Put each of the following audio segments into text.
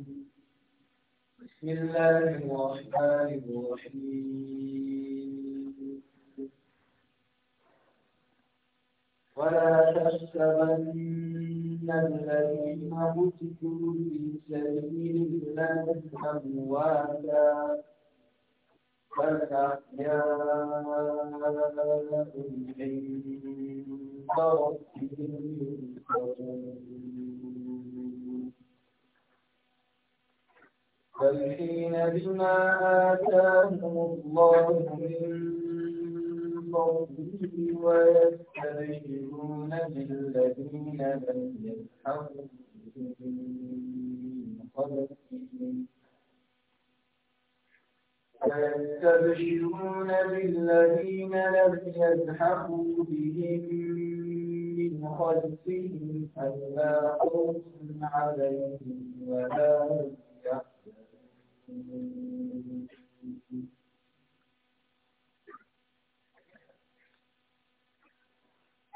بسم الله الرحمن الرحيم ولا تحسبن الذين قتلوا في سبيل الله أمواتا بل أحياء عند ربهم يرزقون فرحين بما آتاهم الله من فضله ويستبشرون بالذين لم يلحقوا من ويستبشرون بالذين لم يلحقوا بهم من خلفهم ألا خوف عليهم ولا هم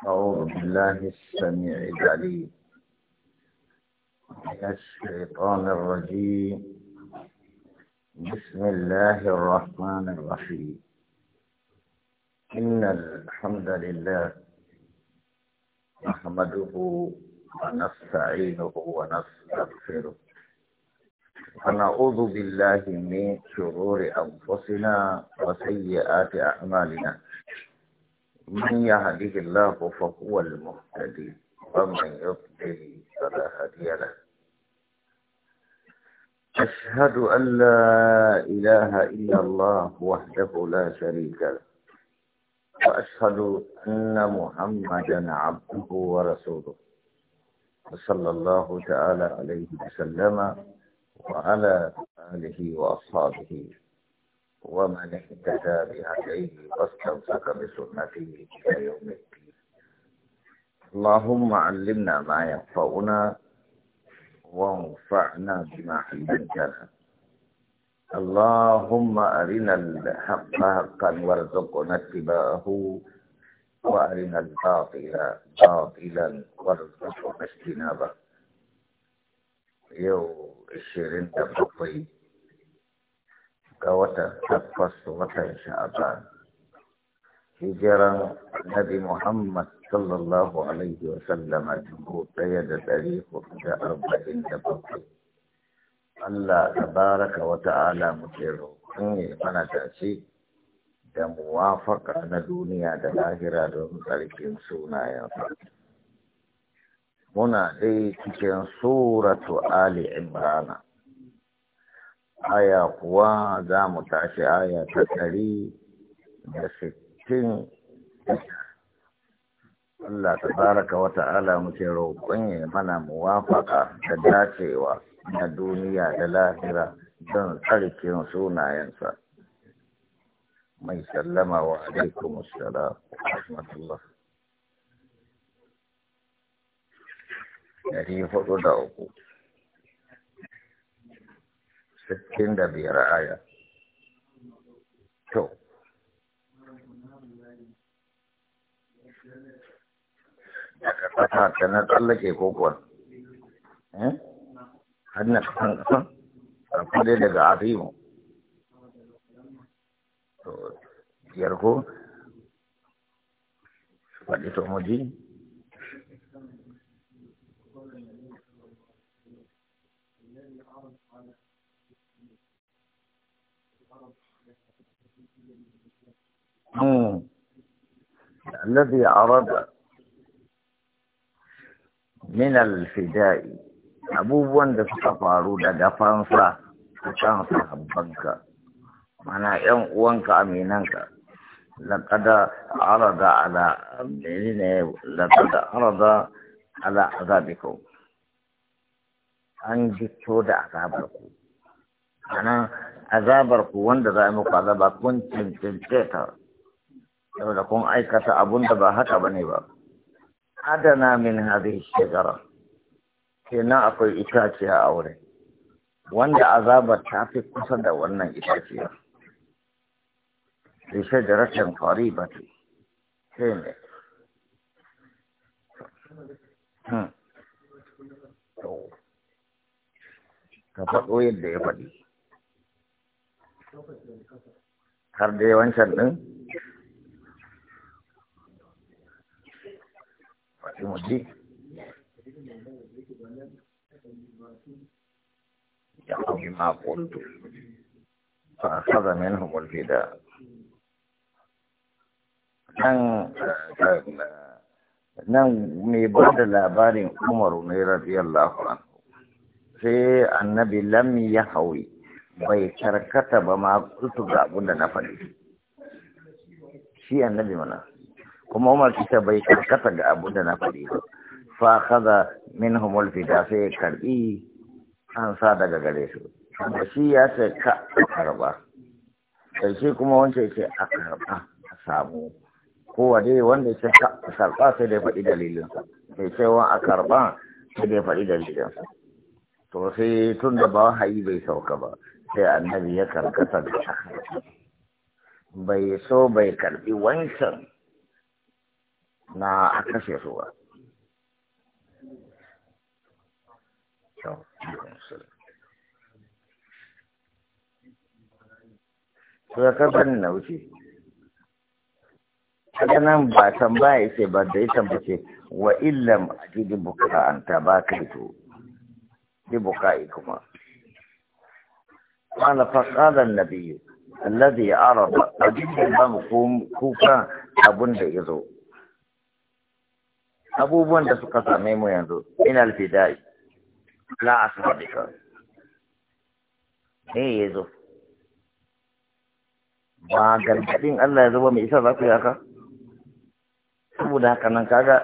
أعوذ بالله السميع العليم من الشيطان الرجيم بسم الله الرحمن الرحيم إن الحمد لله نحمده ونستعينه ونستغفره ونعوذ بالله من شرور أنفسنا وسيئات أعمالنا من يهده الله فهو المهتدي ومن يضلل فلا هادي له أشهد أن لا إله إلا الله وحده لا شريك له وأشهد أن محمدا عبده ورسوله صلى الله تعالى عليه وسلم وعلى آله وأصحابه ومن اهتدى بهديه واستمسك بسنته إلى يوم الدين اللهم علمنا ما ينفعنا وانفعنا بما علمتنا اللهم أرنا الحق حقا وارزقنا اتباعه وأرنا الباطل باطلا وارزقنا اجتنابه يوم ishirin da bakwai ga watan takwas watan sha'aban hijiran nabi muhammad sallallahu alaihi wa sallama dubu daya da dari hudu da arba'in da bakwai Allah tabaraka wa ta'ala muke roƙon ya mana tashi da muwafaka na duniya da lahira don tsarkin sunayen fata. muna dai cikin suratu Ali Imrana. Aya kuwa za mu tashi aya ta ɗari da sittin Allah ta baraka wa ta'ala muke roƙon ya mana muwafaka da dacewa na duniya da lahira don tsarkin sunayensa. Mai sallama wa alaikumussalam wa rahmatullah. dari hudu da uku sittin da biyar aya to daga ƙasa ta na tsallake kokon eh? har na kasan kasan farko dai daga afimu to biyar faɗi to mu ji الذي أراد من الفداء abubuwan da suka faru daga fansa a kan sahabbanka mana yan uwanka aminanka laƙada arada ala menene laƙada arada ala azabikau an jikto da azabarku ana azabarku wanda za a muku azaba kun cancance ta saboda kun aikata abun da ba haka bane ba adana min hadhihi shajara kenan akwai itaciya a wurin wanda azabar ta fi kusa da wannan itaciya da shajaratin qaribati sai ne hmm. ka faɗo yadda ya faɗi har dai wancan ɗin ji جاءوا بما قلت فأخذ منهم الفداء nan mai ba da labarin umaru ne radiyallahu anhu sai annabi lam ya hawi bai karkata ba ma kultu ga abin da na faɗi shi annabi mana kuma umar ita bai karkata ga abu da na faɗi ba fa kaza min humul fida sai ya karɓi an sa daga gare su da shi ya ce ka karɓa sai shi kuma wanda ya ce a karɓa a samu kowa dai wanda ya ce ka karɓa sai dai faɗi dalilinsa sai ce wa a karɓa sai dai faɗi dalilinsa to sai tun da ba hayi bai sauka ba sai annabi ya karkata da bai so bai karɓi wancan na a kashe su ba to ya karɓar na wuce kaga nan ba tambaya ce ba da ya tambace wa illam ajidi buka an tabakaitu bi bukaikum qala fa qala an-nabiy alladhi arada ajidi bamkum kuka abunda yazo abubuwan da suka same mu yanzu ina alfidai la asabika eh zo. ba gargadin Allah ya zuba mai isa za ku yaka saboda haka nan kaga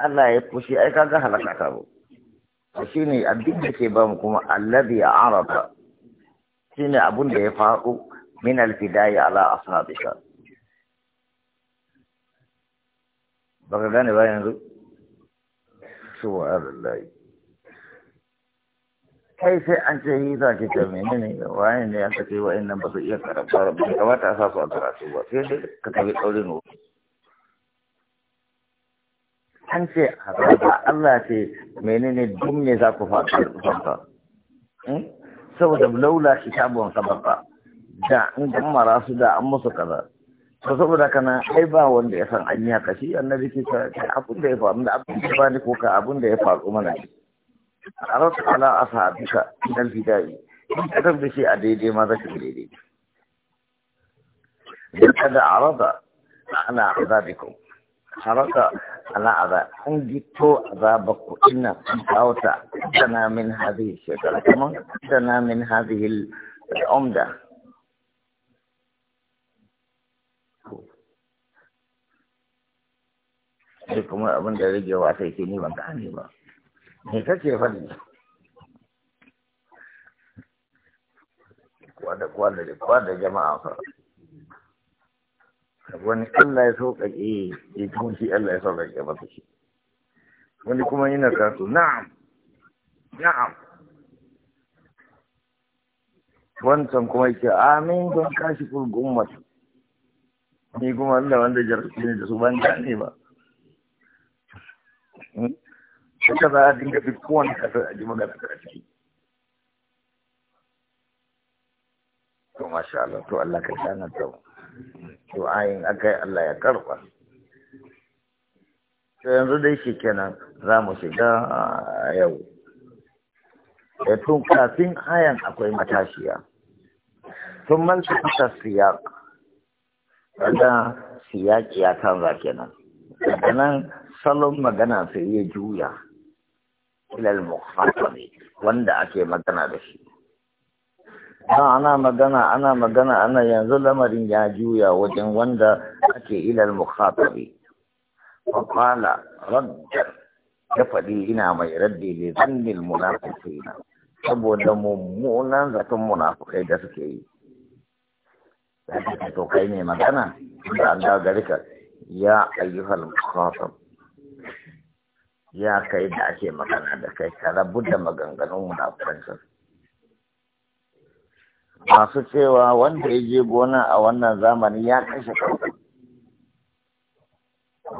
Allah ya fushi ai kaga halaka ka zo shine abin da ke ba mu kuma alladhi arafa shine abun da ya faɗo min alfidai ala ashabika baka gane ba yanzu subhanallah kai sai an ce yi za ki ce menene waye ne aka ce wa nan ba su iya karanta ba kamata a sa su a karatu ba sai dai ka tafi ɗaurin ne. an ce ba Allah ce menene dum ne za ku kusanta. Hmm? saboda laula kitabun sabarta, da in gama su da an musu kaza to saboda kana ai ba wanda ya san an yi haka shi annabi ke ta abin da ya faru da abin da bani ko ka abin da ya faru mana arat ala ashabika dal bidai in ka da shi a daidai ma zaka daidai da kada arada ana azabikum haraka ala azab an gito azabakku inna kauta tana min hadhihi shekara kaman tana min hadhihi al-umda sai kuma abin da rage wa sai ke ni ban gane ba me kake fadi kwada kwada da kwada jama'a fa wani Allah ya sauƙaƙe ya kuma shi Allah ya sauƙaƙe masa shi wani kuma yana kasu na'am na'am wancan kuma yake amin don kashi kurgun mutum ni kuma Allah wanda jarfi ne da su ban gane ba duka za a dinga duk kowane kasar a ji magana a ciki to masha Allah to Allah ka tana ta to ayin akai Allah ya karɓa. to yanzu dai shi kenan za mu shiga yau da eh, tun kafin ayan akwai matashiya Tun manta kusa siyaƙ daga siyaƙi ya canza kenan Sannan salon magana sai ya juya ilal mukhatabi wanda ake magana da shi ana magana ana magana ana yanzu lamarin ya juya wajen wanda ake ilal mukhatabi wa qala raddan ya faɗi ina mai raddi li zannil munafiqina saboda mummunan zaton munafukai da suke yi to kai ne magana da an ga gare ka ya ayyuhal mukhatab ya kai da ake magana da kai ka rabu da maganganun munafuransa masu cewa wanda ya je gona a wannan zamani ya kashe kawai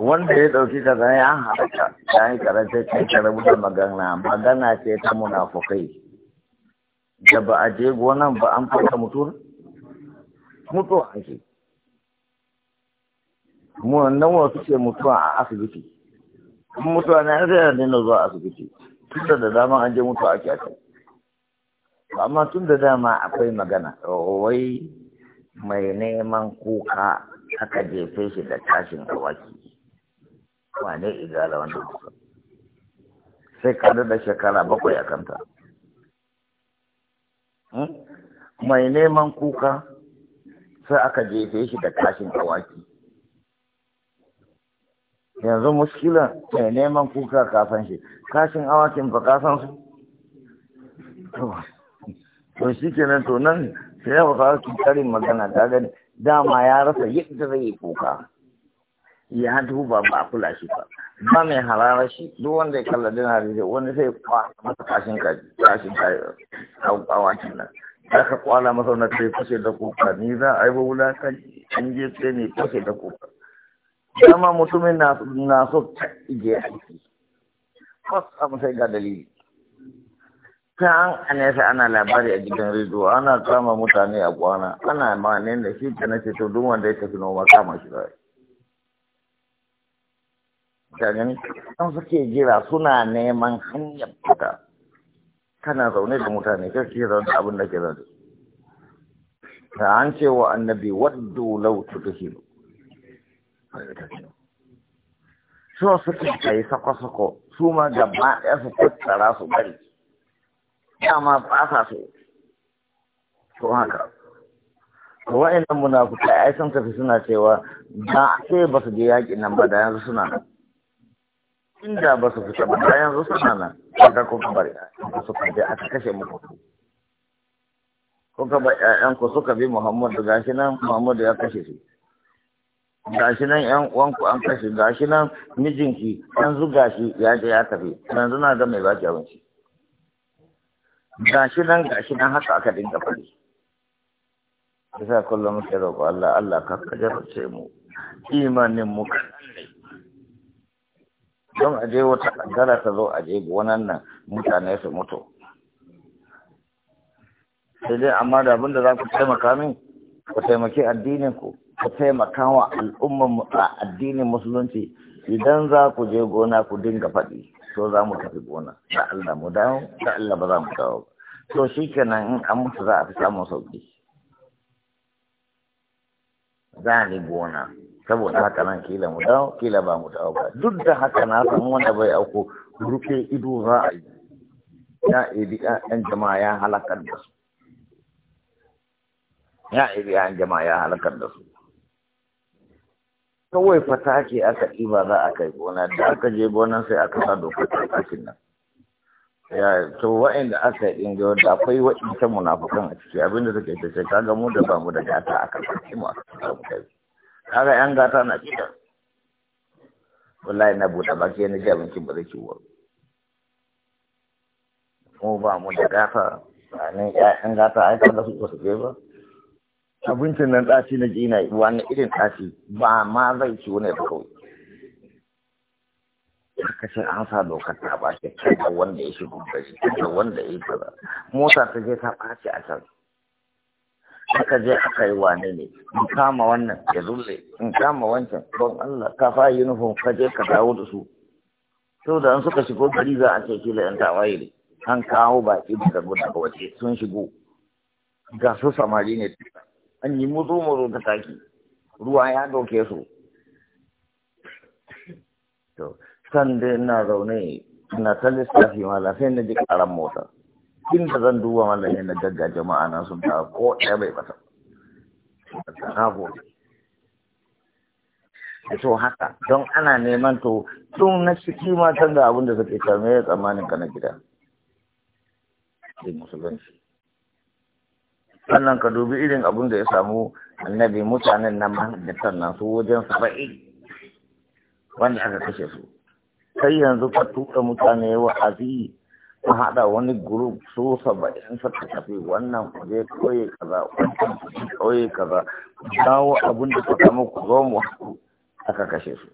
wanda ya ɗauki kaza ya haɗa ya yi karanta kai ka rabu da magana magana ce ta munafukai da ba a je gonan ba an fata mutuwa mutuwa ake mu nan wasu ce mutuwa a asibiti mutane an zai daina zuwa asibiti tunda da dama an je mutuwa ake aka amma tun da dama akwai magana wai mai neman kuka aka jefe shi da tashin awaki wane igala wanda kuka sai kada da shekara bakwai a kanta hmm? mai neman kuka sai aka jefe shi da tashin awaki yanzu muskila mai neman kuka kafin shi kashin awakin ba kasan su to shi kenan to nan sai ya fasa su karin magana ta gani dama ya rasa yadda zai yi kuka ya duba ba kula shi ba ba mai harara shi duk wanda ya kalla dina da wani sai kwa masa kashin kashin awakin nan ka kwala masa wani sai fashe da kuka ni za a yi ba wula kan je sai ne fashe da kuka sama mutumin na so ta ije aiki a musai ga dalili ta an yasa ana labari a gidan rediyo ana kama mutane a kwana ana ne da shi ta nace to duk wanda ya tafi noma kama shi ba ta gani an suke jira suna neman hanyar fita kana zaune da mutane kake zaune abin da ke zaune ta an ce wa annabi waddu lau tutuhilu so suke yi sako-sako su ma gaba ɗaya su tattara su bari dama ba sa so Ko haka wa'annan munafukai ai san tafi suna cewa da sai ba su je yaƙi nan ba da yanzu suna nan inda ba su fita ba da yanzu suna nan kaga ko ka bari ba suka kaje aka kashe muku ko ka bar ƴaƴan ku suka bi Muhammadu gashi nan Muhammadu ya kashe shi gashi nan yan uwanku an kashe gashi nan mijinki an zuga shi ya je ya tafi yanzu na ga mai baki abinci gashi nan gashi nan haka aka dinga fari yasa kullum muke roƙo Allah Allah ka kajarce mu imanin mu don a je wata ɗangara ta zo a je wannan nan mutane su mutu sai dai amma da abin da za ku taimaka min ku taimaki addinin ku ka taimaka wa al'ummar a addinin musulunci idan za ku je gona ku dinga faɗi to za mu tafi gona da Allah mu dawo da Allah ba za mu dawo to shi kenan in an mutu za a fi samun sauƙi za ni gona saboda haka nan kila mu dawo kila ba mu dawo ba duk da haka na san wanda bai auko rufe ido za a yi ya ibi ɗan jama'a ya halakar da su ya ibi ɗan jama'a ya halakar da su kawai fata aka ɗiba za a kai gona da aka je gonan sai aka sa dokar tattakin nan ya to wa'inda aka yi ɗin da akwai wa'inta munafukan a ciki abinda suke ta ce kaga mu da bamu da gata a kan kaki mu a kasa mu kai kaga yan gata na cika wallahi na buɗe baki na ji abincin ba zai ci wa mu ba mu da gata ba ne yan gata ai da su ba su ba abincin nan ɗaci na ji na wani irin ɗaci ba ma zai ci wani da kawai aka ce an sa dokar ta ba shi da wanda ya shigo da shi da wanda ya yi za mota ta je ta ɓaci a can aka je aka yi wane ne in kama wannan ya zulle in kama wancan don Allah ka fa uniform ka je ka dawo da su Sau da an suka shigo gari za a ce kila yan tawaye ne an kawo baki daga gudu waje sun shigo ga su samari ne an yi mutu mutu ta taki ruwa ya doke su to san da na zaune na ta lissafi mala sai na ji karan mota inda zan duba mala ne na gagga jama'a na sun ta ko ɗaya bai bata na gobe to haka don ana neman to tun na ciki matan tanga abin da suke kame tsammanin ka gida sai musulunci sannan ka dubi irin abin da ya samu annabi mutanen nan da sannan su wajen saba'i wanda aka kashe su sai yanzu ka tuka mutane wa'azi ka hada wani guruf su saba'in suka tafi wannan ku je kauye kaza wancan ku je kauye kaza ku dawo abin da samu ku zo mu haɗu aka kashe su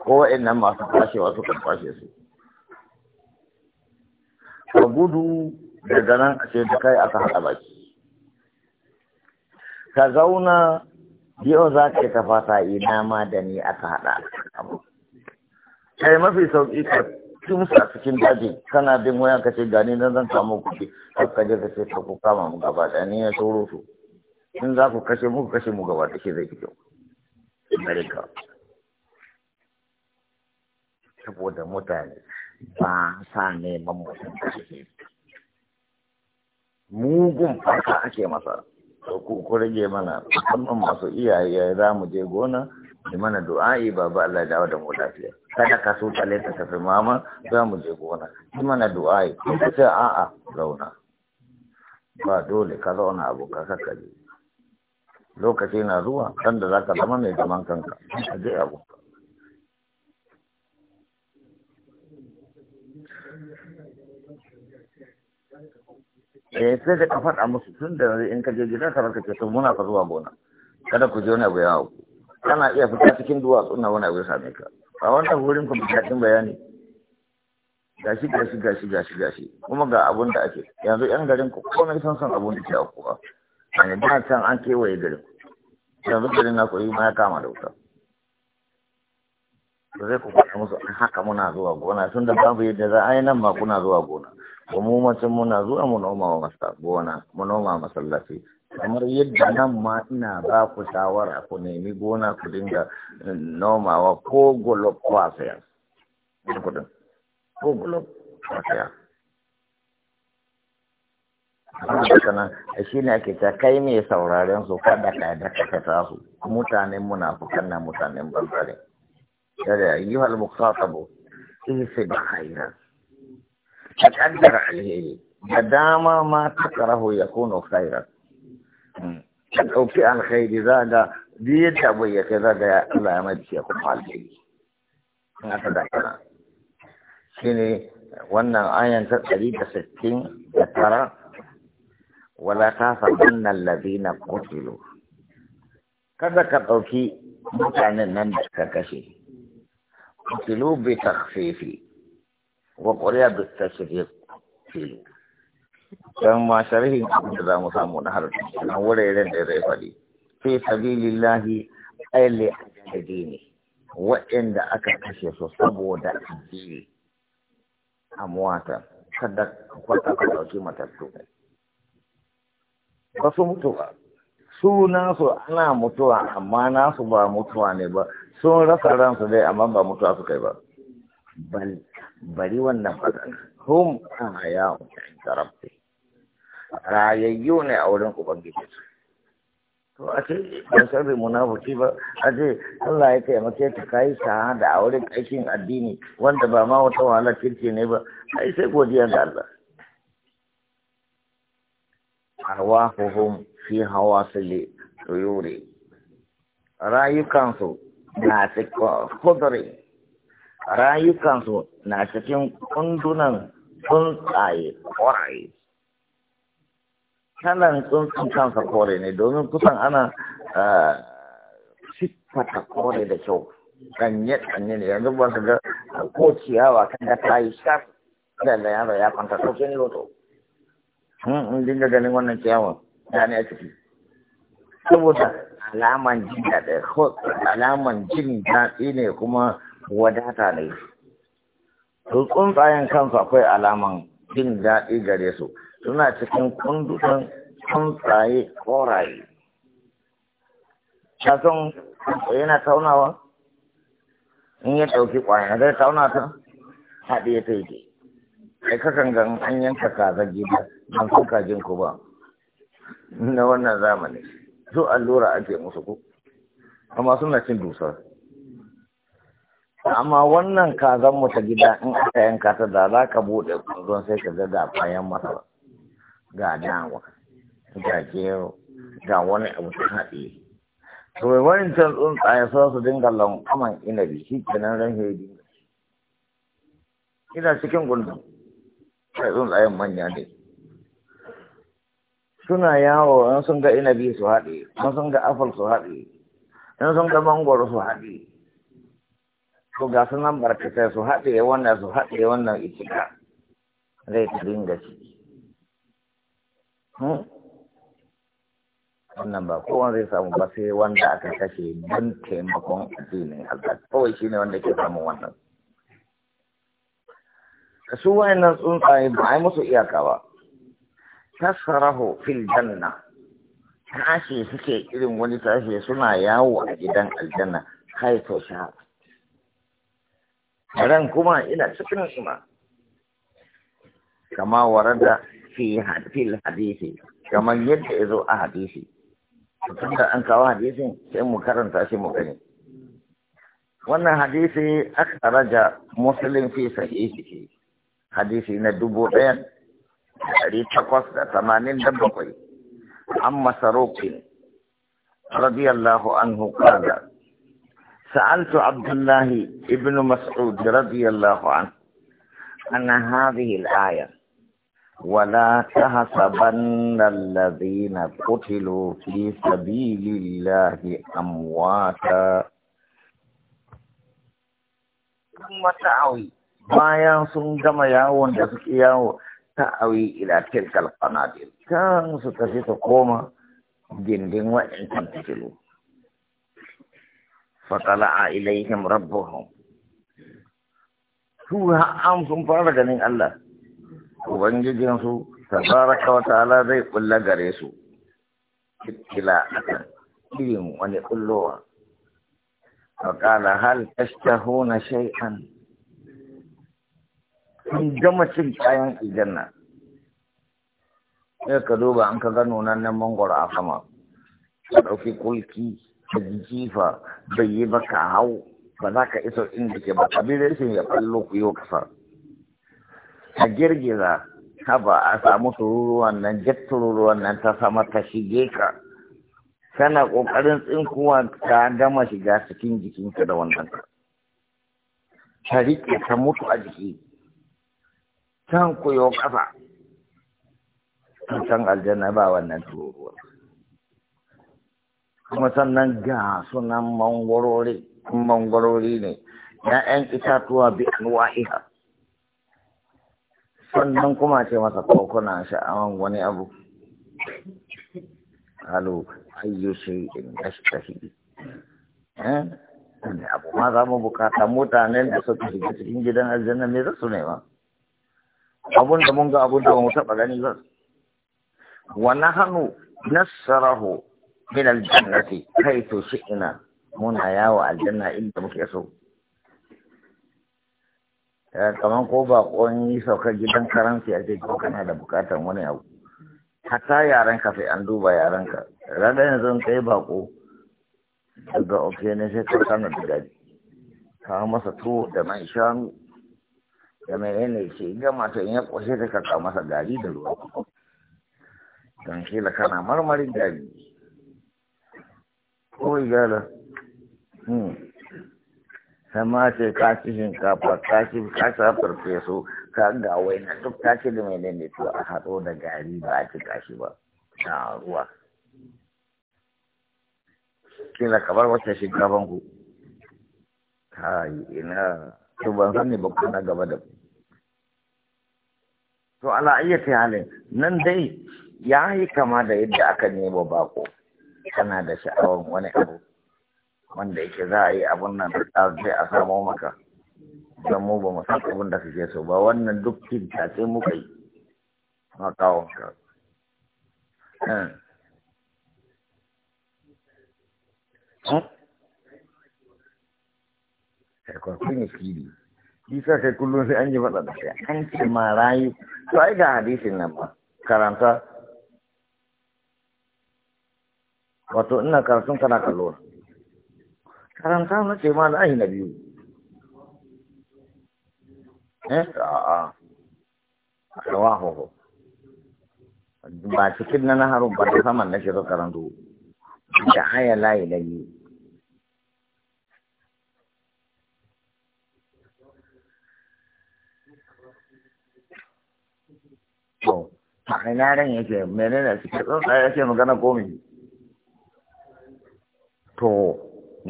ko nan masu kwashewa suka kwashe su ka gudu daga nan a ce da kai aka haɗa baki ka zauna yau za ka ta fata ina ma da ni aka haɗa kai mafi sauƙi ka tumsa cikin daji kana bin waya ka ce gani nan zan samu kuɗi har ka je ka ce ka ku kama mu gaba da ni ya sauro su in za ku kashe mu kashe mu gaba da shi zai kyau Amerika saboda mutane ba sa neman mutum da mugun fata ake masa to ku rage mana musamman masu iyaye za mu je gona yi mana du'a'i baba Allah dawo da mu lafiya kada ka so tale ta tafi mama za mu je gona yi mana du'a'i ko ce a'a zauna ba dole ka zauna abokan ka lokaci na zuwa sanda zaka zama mai zaman kanka a je abokan eh sai da ka faɗa musu tun da in ka je gida ka barka ce to muna fa zuwa gona kada ku je wani abu yawa, ku kana iya fita cikin duwatsu na wani abu ya same ka a wannan wurin ku bukatun bayani gashi gashi gashi gashi gashi kuma ga abun da ake yanzu yan garin ku komai san san abun da ke a a ne da can an kewaye garin yanzu garin na koyi ma ya kama da wuta to zai ku faɗa musu haka muna zuwa gona tun da babu yadda za a yi nan ma kuna zuwa gona mu macin muna zuwa mu noma masa gona mu noma masallaci kamar yadda nan ma ina ba ku shawara ku nemi gona ku dinga nomawa ko ko a kwasaya kudin ko kwasaya kana a shi ne ake ta kai mai sauraren su kada ka da ka ta su mutanen munafukan na mutanen banzare da ayyuhal muqatabu ihsi da khairat تقدر عليه ما دام ما تكره يكون خيرا في الخير زاد بيد أبويك زاد يا الله يا مدشي يكون الخير هكذا شيني وانا آية تقريبا ستين ترى ولا خاف ان الذين قتلوا كذا كتوكي مكان mutanen nan قتلوا بتخفيفي ƙwaƙwariya da ta shirye ke don ma sharihin abin da za mu samu na har na wurin irin da zai faɗi fi sabi lillahi aile a jade ne waɗanda aka kashe su saboda addini a muwata kada kwata ka dauki matattu wasu mutuwa su nasu ana mutuwa amma nasu ba mutuwa ne ba sun rasa ransu dai amma ba mutuwa su kai ba bari wannan fadar hum ahya inda rabbi rayayyu ne a wurin ubangiji to a ce ban san bai munafuki ba a ce Allah ya taimake ka kai da a wurin aikin addini wanda ba ma wata wahala kirki ne ba ai sai godiya ga Allah arwahuhum fi hawasili tuyuri rayukansu na cikin kudurin rayukansu na cikin kundunan tsuntsaye ƙwaraye kalan tsuntsun kansa kore ne domin kusan ana siffata kore da kyau ganye-ganye ne yanzu ba su ga ko ciyawa kan ga ta yi shaf da da yaro ya kwanta ce ni loto in hmm, dinga ganin wannan ciyawan ya ne a ciki saboda alaman jin daɗi alaman jin daɗi ne kuma wadata ne to tsuntsayen kansu akwai alaman jin daɗi gare su suna cikin kundukan tsuntsaye koraye kasan yana taunawa in ya ɗauki ƙwayar zai tauna ta haɗe ta yi ai kakan gan an yanka kaza gida ban san kajin ku ba na wannan zamani su allura ake musu ku amma suna cin dusar amma wannan kazan mu ta gida in aka yanka ta da za ka buɗe kunzon sai ka ga bayan masa ga dawa ga gero ga wani abu ta haɗe to mai wani can tsuntsaye sa su dinga lankaman inabi shi kenan ran ya dinga ina cikin gundun sai tsuntsayen manya ne suna yawo in sun ga inabi su haɗe in sun ga afal su haɗe in sun ga mangoro su haɗe to ga su nan barkatai su haɗe wannan su haɗe wannan itika zai ta dinga ci hmm? wannan ba kowa zai samu ba sai wanda aka kashe don taimakon addinin Allah kawai shine wanda ke samun wannan su wayannan tsuntsaye ba a yi musu iyaka ba tasarahu fil janna tashi suke irin wani tashi suna yawo a gidan aljanna kai to sha ran kuma ina cikin ma kama warada fi fil hadisi kamar yadda ya zo a hadisi tun da an kawo hadisi sai mu karanta shi mu gani wannan hadisi aka raja muslim fi sahihi hadisi na dubu ɗaya ɗari takwas da tamanin da bakwai an masarokin radiyallahu anhu qala سألت عبد الله ابن مسعود رضي الله عنه أن هذه الآية ولا تحسبن الذين قتلوا في سبيل الله أمواتا ثم تعوي ما ينصر كما يعون يسكيه تعوي إلى تلك القناديل كان ستفيت قوما جندين وإن تنتجلوه a ilaihim rabbuhum su an sun fara ganin Allah ubangijinsu tabaraka wa ta'ala zai kulla gare su kila akan irin wani kullowa faƙala hal tashtahuna shay'an sun gama cin kayan aljanna sai ka duba an ka gano nan nan mangoro a sama ka ɗauki kulki ka jifa bai yi maka hau ba za ka iso inda ke ba kabilar shi ya fallo ku wa kasa ka girgiza ka ba a samu tururuwan nan jet tururuwan nan ta sama ta shige ka kana ƙoƙarin tsinkuwa ka gama shiga cikin jikinka da wannan ka ta riƙe ta mutu a jiki can ku ƙasa. kasa can aljanna ba wannan tururuwan kuma sannan ga sunan mangwarori mangwarori ne ‘ya'yan itatuwa bi anwa'iha sannan kuma ce masa kokuna sha'awan wani abu halu ayyu ta shi. eh abu ma za mu bukata mutanen da suka shiga cikin gidan aljanna ne za su nema abun da mun ga abun da mu taba gani ba wa na nasarahu min aljannati kaitu shi'na muna yawo aljanna inda muke so kamar ko bakon yi saukar gidan karanci a ko kana da bukatar wani abu hatta yaran ka sai an duba yaran ka rada yanzu kai bako daga ofe ne sai ka kana da gari kawo masa tuwo da man shanu da menene ce gama to in ya kwashe ka masa gari da ruwa don kila kana marmarin gari ko igala hmm. sama ce ka ci shinkafa ka ci farfe farfeso ka ga waina duk ta ci da mai daidaito a haɗo da gari ba a ci kashi ba na ruwa kila kamar wata shinkafan ku yi ina to ban san ne ba kuna gaba da ku to ala ayyati halin nan dai ya yi kama da yadda aka nemo bako kana da sha'awar wani abu wanda yake za a yi abun nan sai a samo maka don mu ba mu san abin da kake so ba wannan duk kinta sai muka yi makawon ka kwakwun ya kiri sa kai kullum sai an yi faɗa da kai an ce ma rayu to ai ga hadisin nan ba karanta wato ina karatun kana kallon? karanta na ce ma lahi na biyu eh a'a rawahu ba cikin na naharun ba ta saman na shirin karanto da haya layi na biyu To, ma'ana ran yake menene cikin tsuntsaye yake magana komi. to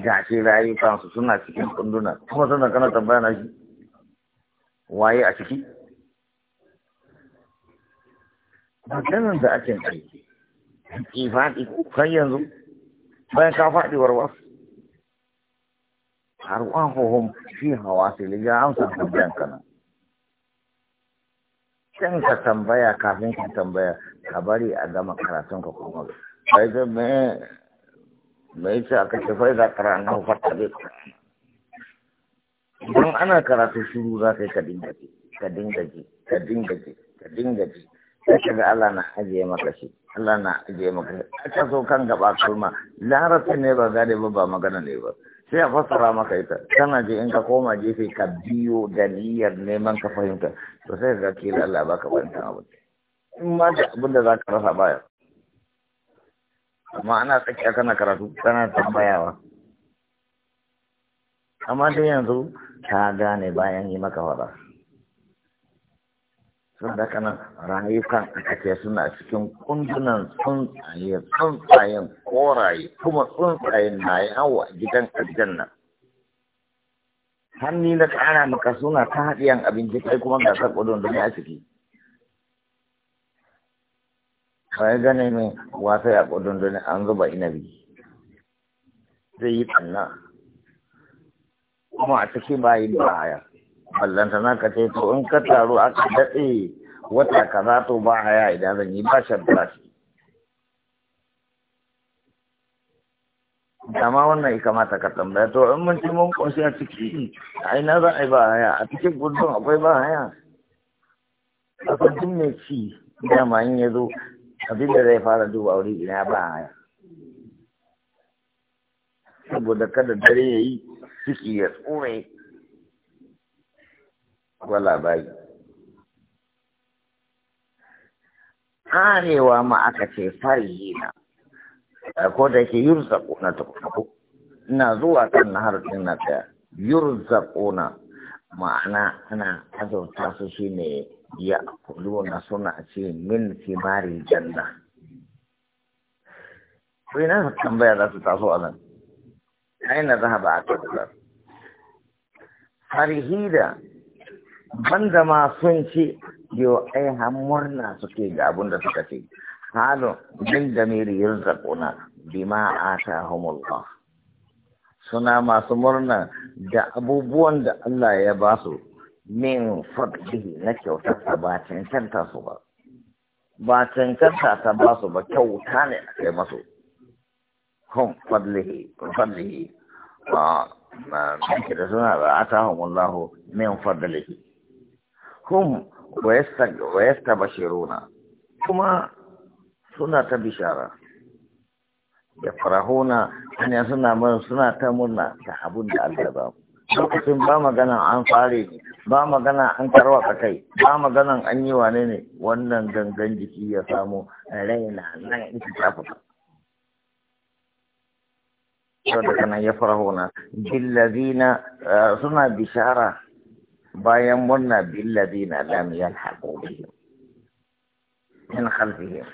ga shi kansu suna cikin kunduna kuma suna kana tambaya na shi waye a ciki maganin da ake aiki ifaɗi kan yanzu bayan ka faɗi warwa har an hohon fi hawa sai liga an san tambayan kana can ka tambaya kafin ka tambaya ka bari a gama karatun ka kuma sai da me me yasa aka ce fa idza fata fattabi qur'ana don ana karatu shuru za ka yi ka dinga ji ka dinga ji ka dinga ji ka dinga ji sai ga Allah na ajiye maka shi Allah na ajiye maka shi ka so kan gaba kalma larabci ne ba gane ba ba magana ne ba sai a fassara maka ita kana je in ka koma gefe ka biyo da niyyar neman ka fahimta to sai ga kila Allah ka fahimta abu in ma da abin da za ka rasa baya amma ana tsakiya kana karatu kana tambayawa amma dai yanzu ta gane bayan yi maka fada sun da kana rayukan aka suna cikin kundunan tsuntsaye tsuntsayen koraye kuma tsuntsayen na yawo a gidan nan hannu na tsara maka suna ta haɗiyan abinci kai kuma ga sakwadon da ya ciki sai gane min wasa ya kudin dole an zuba inabi zai yi tsanna kuma a ciki ba da haya ballanta na ka ce to in ka taru aka daɗe wata kaza to ba haya idan zan yi ba shadda dama wannan ya kamata ka tambaya to in mun ci mun kunshi a ciki a ina za a yi ba haya a cikin gudun akwai ba haya a kwantin mai ci dama in ya zo abin zai fara duba wuri ina ba haya saboda kada dare ya yi ciki ya tsure wala bayi karewa ma aka ce fari na a da ke ta kuku ina zuwa kan na harfin na tsaya kona, ma'ana ana azurta su ne. ya kuluna suna ce min simari janna sai na tambaya za su taso a nan aina zahaba a kasar farihida banda ma sun ce yau ai murna suke ga abin da suka ce halin bin da miri yurzaquna bima atahumullah suna masu murna da abubuwan da Allah ya ba su min fadlihi na ta ba cancanta su ba ba cancanta ta ba su ba kyauta ne a kai masu hun fadlihi fadlihi ba na cikin da suna da ata lahu min fadlihi hum wa yasta bashiruna kuma suna ta bishara ya farahuna hanyar suna suna ta murna ta abun da Allah ba lokacin ba magana an fare ba magana an tarwata kai ba magana an yi wane ne wannan gangan jiki ya samu raina nan ita ta fita da kana ya farahona billazina eh, suna bishara bayan murna billadina lam yalhaqu bihim min khalfihim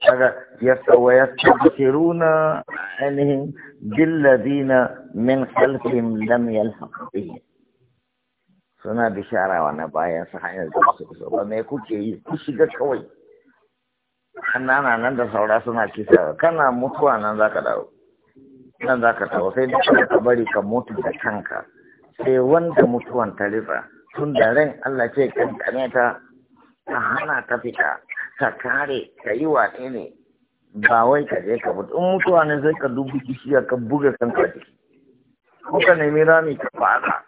kaga yasawa yastabshiruna ainihin billadina min khalfihim lam yalhaq suna bishara wa na bayan su hanyar da su kusa ba me kuke yi ku shiga kawai kanana nan da saura suna kisa kana mutuwa nan zaka dawo nan zaka dawo sai da ka bari ka mutu da kanka sai wanda mutuwan ta riba tun da ran Allah ce kankane ta ta hana ta fita ka kare ka yi wane ne ba wai ka je ka mutu in mutuwa ne sai ka dubi kishiya ka buga kanka jiki ko ka nemi rami ka fara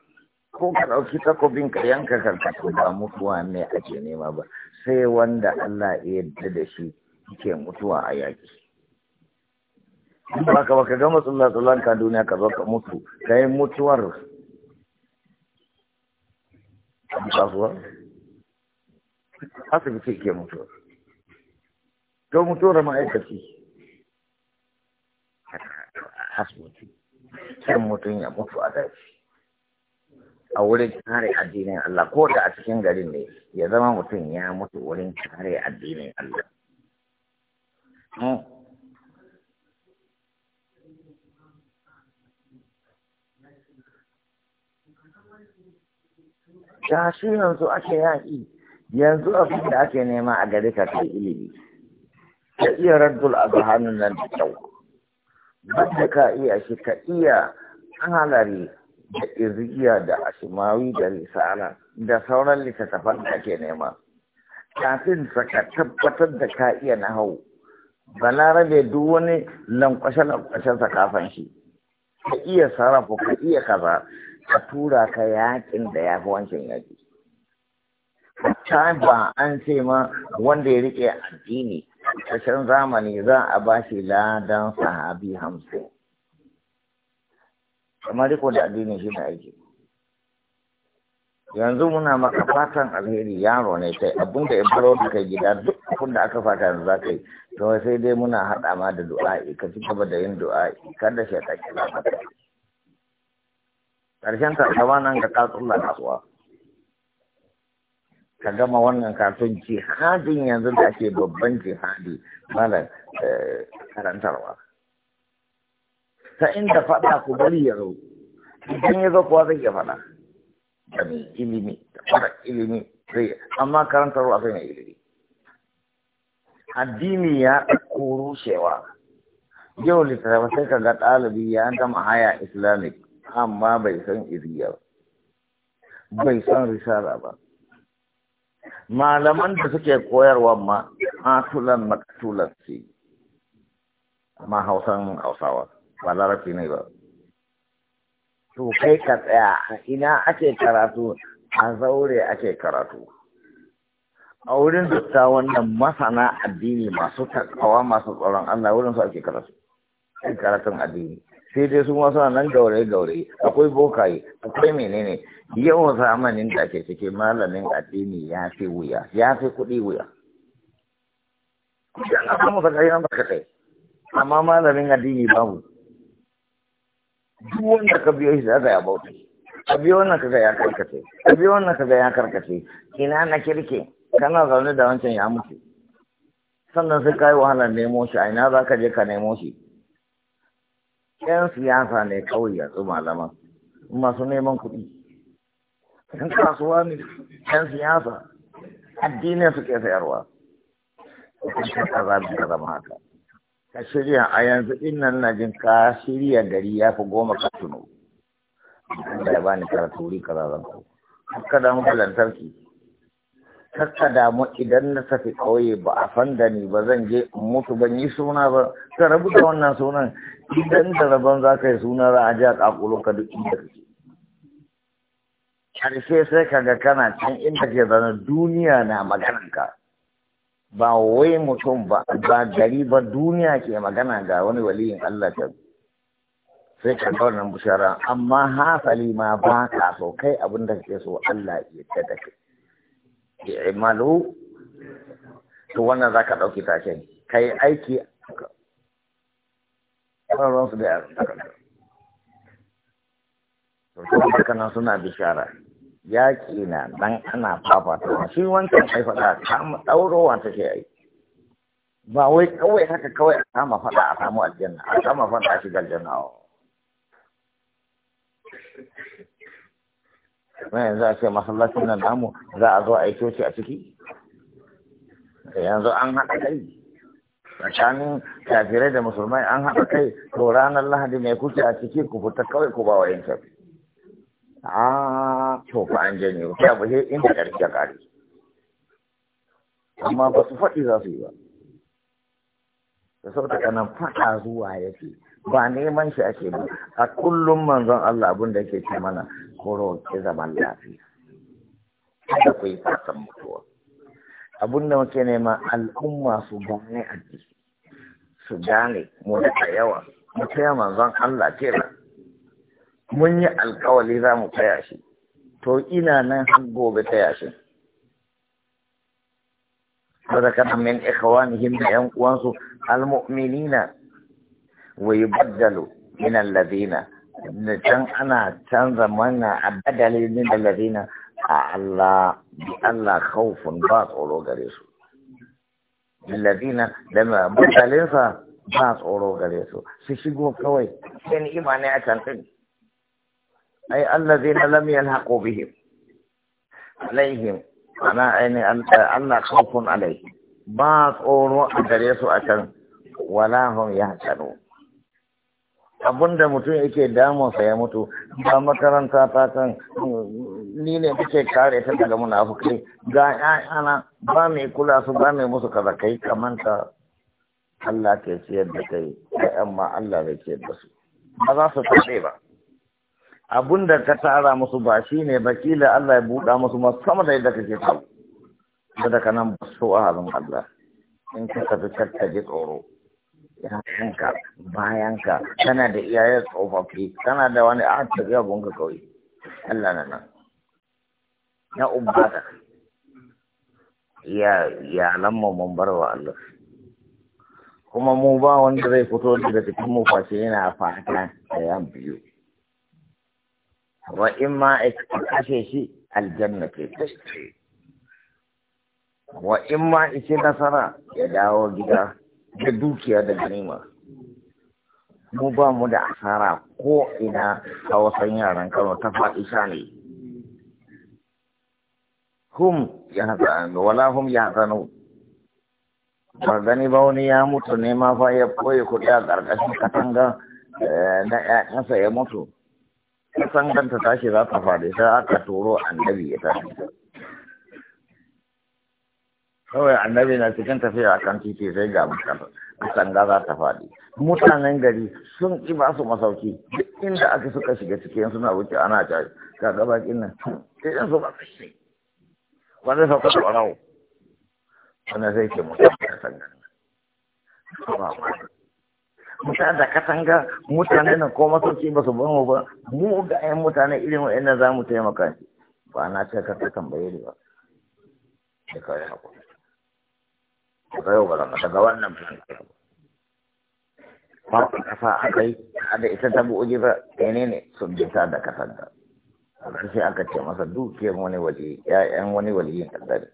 ko ka ɗauki takobin ka yanka kanka ba mutuwa ne ake nema ba sai wanda Allah ya yarda da shi yake mutuwa a yaki. ba ka baka gama gama tsullatsullan ka duniya ka zo ka mutu ka yi mutuwar asibiti ke mutuwar don mutuwar ma'aikaci asibiti sai mutum ya mutu a daji a wurin kare addinin Allah ko da a cikin garin ne ya zama mutum ya mutu wurin kare addinin Allah hmm. Gashi yanzu ake yaƙi, yanzu abin da ake nema a gari ka ilimi. ka iya raddul azhanun nan da kyau da ka iya shi ka iya halari da irgiya da ashimawi da risala da sauran littattafan da ake nema kafin ka tabbatar da ka iya na hau balarabe duk wani lankwashe lankwashen sa kafan shi ka iya sarrafa ka iya kaza ka tura ka yakin da ya fi wancan yaki ta ba an ce ma wanda ya rike addini ƙarshen zamani za a ba shi ladan sahabi hamsin kamar riko da addini shi na aiki yanzu muna maka fatan alheri yaro ne kai abin da ya faro da kai gida duk abin da aka fata yanzu za ka yi to sai dai muna haɗa ma da du'a'i ka ci gaba da yin du'a'i kada shi ta ƙarshen nan ga katsulla lalasuwa ka gama wannan katon jihadin yanzu da ake babban jihadi da eh, karantarwa ta inda faɗa ku bari ya zo idan ya zo kuwa zai iya faɗa da mai ilimi da fara ilimi zai amma karantarwa sai mai ilimi addini ya ɗauko rushewa yau littattafa sai ka ga ɗalibi ya gama haya islamic amma bai san iriyar bai san risala ba malaman da suke koyarwa ma matulan maktulan ce amma hausan hausawa ba larabci ne ba to kai ka tsaya a ina ake karatu a zaure ake karatu a wurin dutta wannan masana addini masu takawa masu tsoron Allah wurin su ake karatu karatun addini sai dai su masu nan gaure-gaure akwai bokaye akwai menene yawan zamanin da ake cike malamin addini ya fi wuya ya fi kuɗi wuya kuɗi ana kuma sakari nan baka kai amma malamin addini babu duk wanda ka biyo shi ka yi bauta ka biyo wannan kaga ya karkace ka biyo wannan kaga ya karkace ina na kirke kana zaune da wancan ya mutu sannan sai ka yi wahalar nemo shi a ina za ka je ka nemo shi yan siyasa ne kawai yanzu malaman masu neman kuɗi yan kasuwa ne yan siyasa addinin suke sayarwa kusan kaza da zama haka ka shirya a yanzu innan na jin ka shirya gari ya fi goma ka tuno da ya bani karatu wuri kaza zan ko kada muka lantarki kakka damu idan na tafi ƙauye ba a san ni ba zan je in mutu ban yi suna ba ka rabu da wannan sunan idan da rabon za ka yi suna za a ji a ƙaƙulo ka duk inda ka ke. karshe sai ka ga kana can inda ke zana duniya na ka. ba wai mutum ba ba gari ba duniya ke magana ga wani waliyin Allah ta sai ka ga wannan bushara amma hasali ma ba ka so kai abin da kake so Allah ya ta da kai i'malu to wannan za ta dauki tashin yi aiki ran su da yaro to kuma kana suna bishara yaƙi na dan ana fafata shi wancan ai faɗa ta ɗaurowa ke yi ba wai kawai haka kawai a kama faɗa a samu aljanna a kama faɗa a shigar aljanna kuma yanzu a ce masallacin nan namu za a zo a yi coci a ciki eh, yanzu an haɗa kai tsakanin kafirai da musulmai an haɗa kai to ranar lahadi mai kuke a ciki ku fita kawai ku ba wa yankin a ah, to fa an je ne ya bahe inda ƙarfi amma ba su faɗi za su yi ba da saboda kanan faɗa zuwa yake ba neman shi ake ba a kullum manzon Allah abin da yake ce mana ku zaman lafiya kada ku yi fatan mutuwa abin da muke nema al'umma su gane addini su gane mu da yawa mu taya manzon Allah nan. mun yi alkawali za mu taya shi to ina nan har gobe taya shi فذكر من إخوانهم ينقوانسوا المؤمنين ويبدلوا من الذين da can ana canza mana a badali da lalina a Allah bi Allah khawfun ba tsoro gare su lalina da mutalinsa ba tsoro gare su su shigo kawai sai ni imani a can din ai allazina lam yalhaqu bihim alaihim ana aini Allah khawfun alaihim ba tsoro a gare su a can wala hum yahzanun abin da mutum yake damunsa ya mutu ba makaranta ta kan ni ne kake kare ta daga munafukai ga ana ba mai kula su ba mai musu kaza kai kamanta Allah ke ciyar da kai amma Allah zai ciyar da su ba za su tsaye ba abun ka tara musu ba shi ne ba kila Allah ya buɗa musu ma sama da yadda kake so da daga nan ba su Allah in ka tafi kakka ji tsoro 'ya'yanka bayanka tana da iyayen tsofaffi tana da wani a tafiya gunka kawai Allah na nan na ubbata ya lamma mu mun bar wa Allah kuma mu ba wanda zai fito daga cikin mu face yana fata da yan biyu wa in ma kashe shi aljanna kashe wa in ma ishe nasara ya dawo gida da dukiya da ganima mu ba mu da asara ko ina a wasan yaran kano ta faɗi sha ne hum ya hasanu wala hum ya hasanu ba gani ba wani ya mutu ne ma fa ya koyi kuɗi a ƙarƙashin katanga eh, na ƴaƴansa ya mutu katangan ta tashi za ta faɗi sai aka turo annabi ya tashi kawai annabi na cikin tafiya a kan titi sai ga sanda za ta faɗi mutanen gari sun ƙi ba su masauki duk inda aka suka shiga cikin suna wuce ana ta kaga bakin nan idan su ba su shi wanda sauka da ɓarau wanda sai ke mutane da katanga mutane da katanga mutane na ko masauki ba su bamu ba mu ga ƴan mutane irin wa'annan za mu taimaka ba na ce ka tambaye ni ba da kawai haƙuri daga yau ba daga wannan plan ba ta kasa aka yi da ita ta bu ujira ne ne sun ta da kasar da sai aka ce masa dukiyar wani waje ya'yan wani waliyin kaddare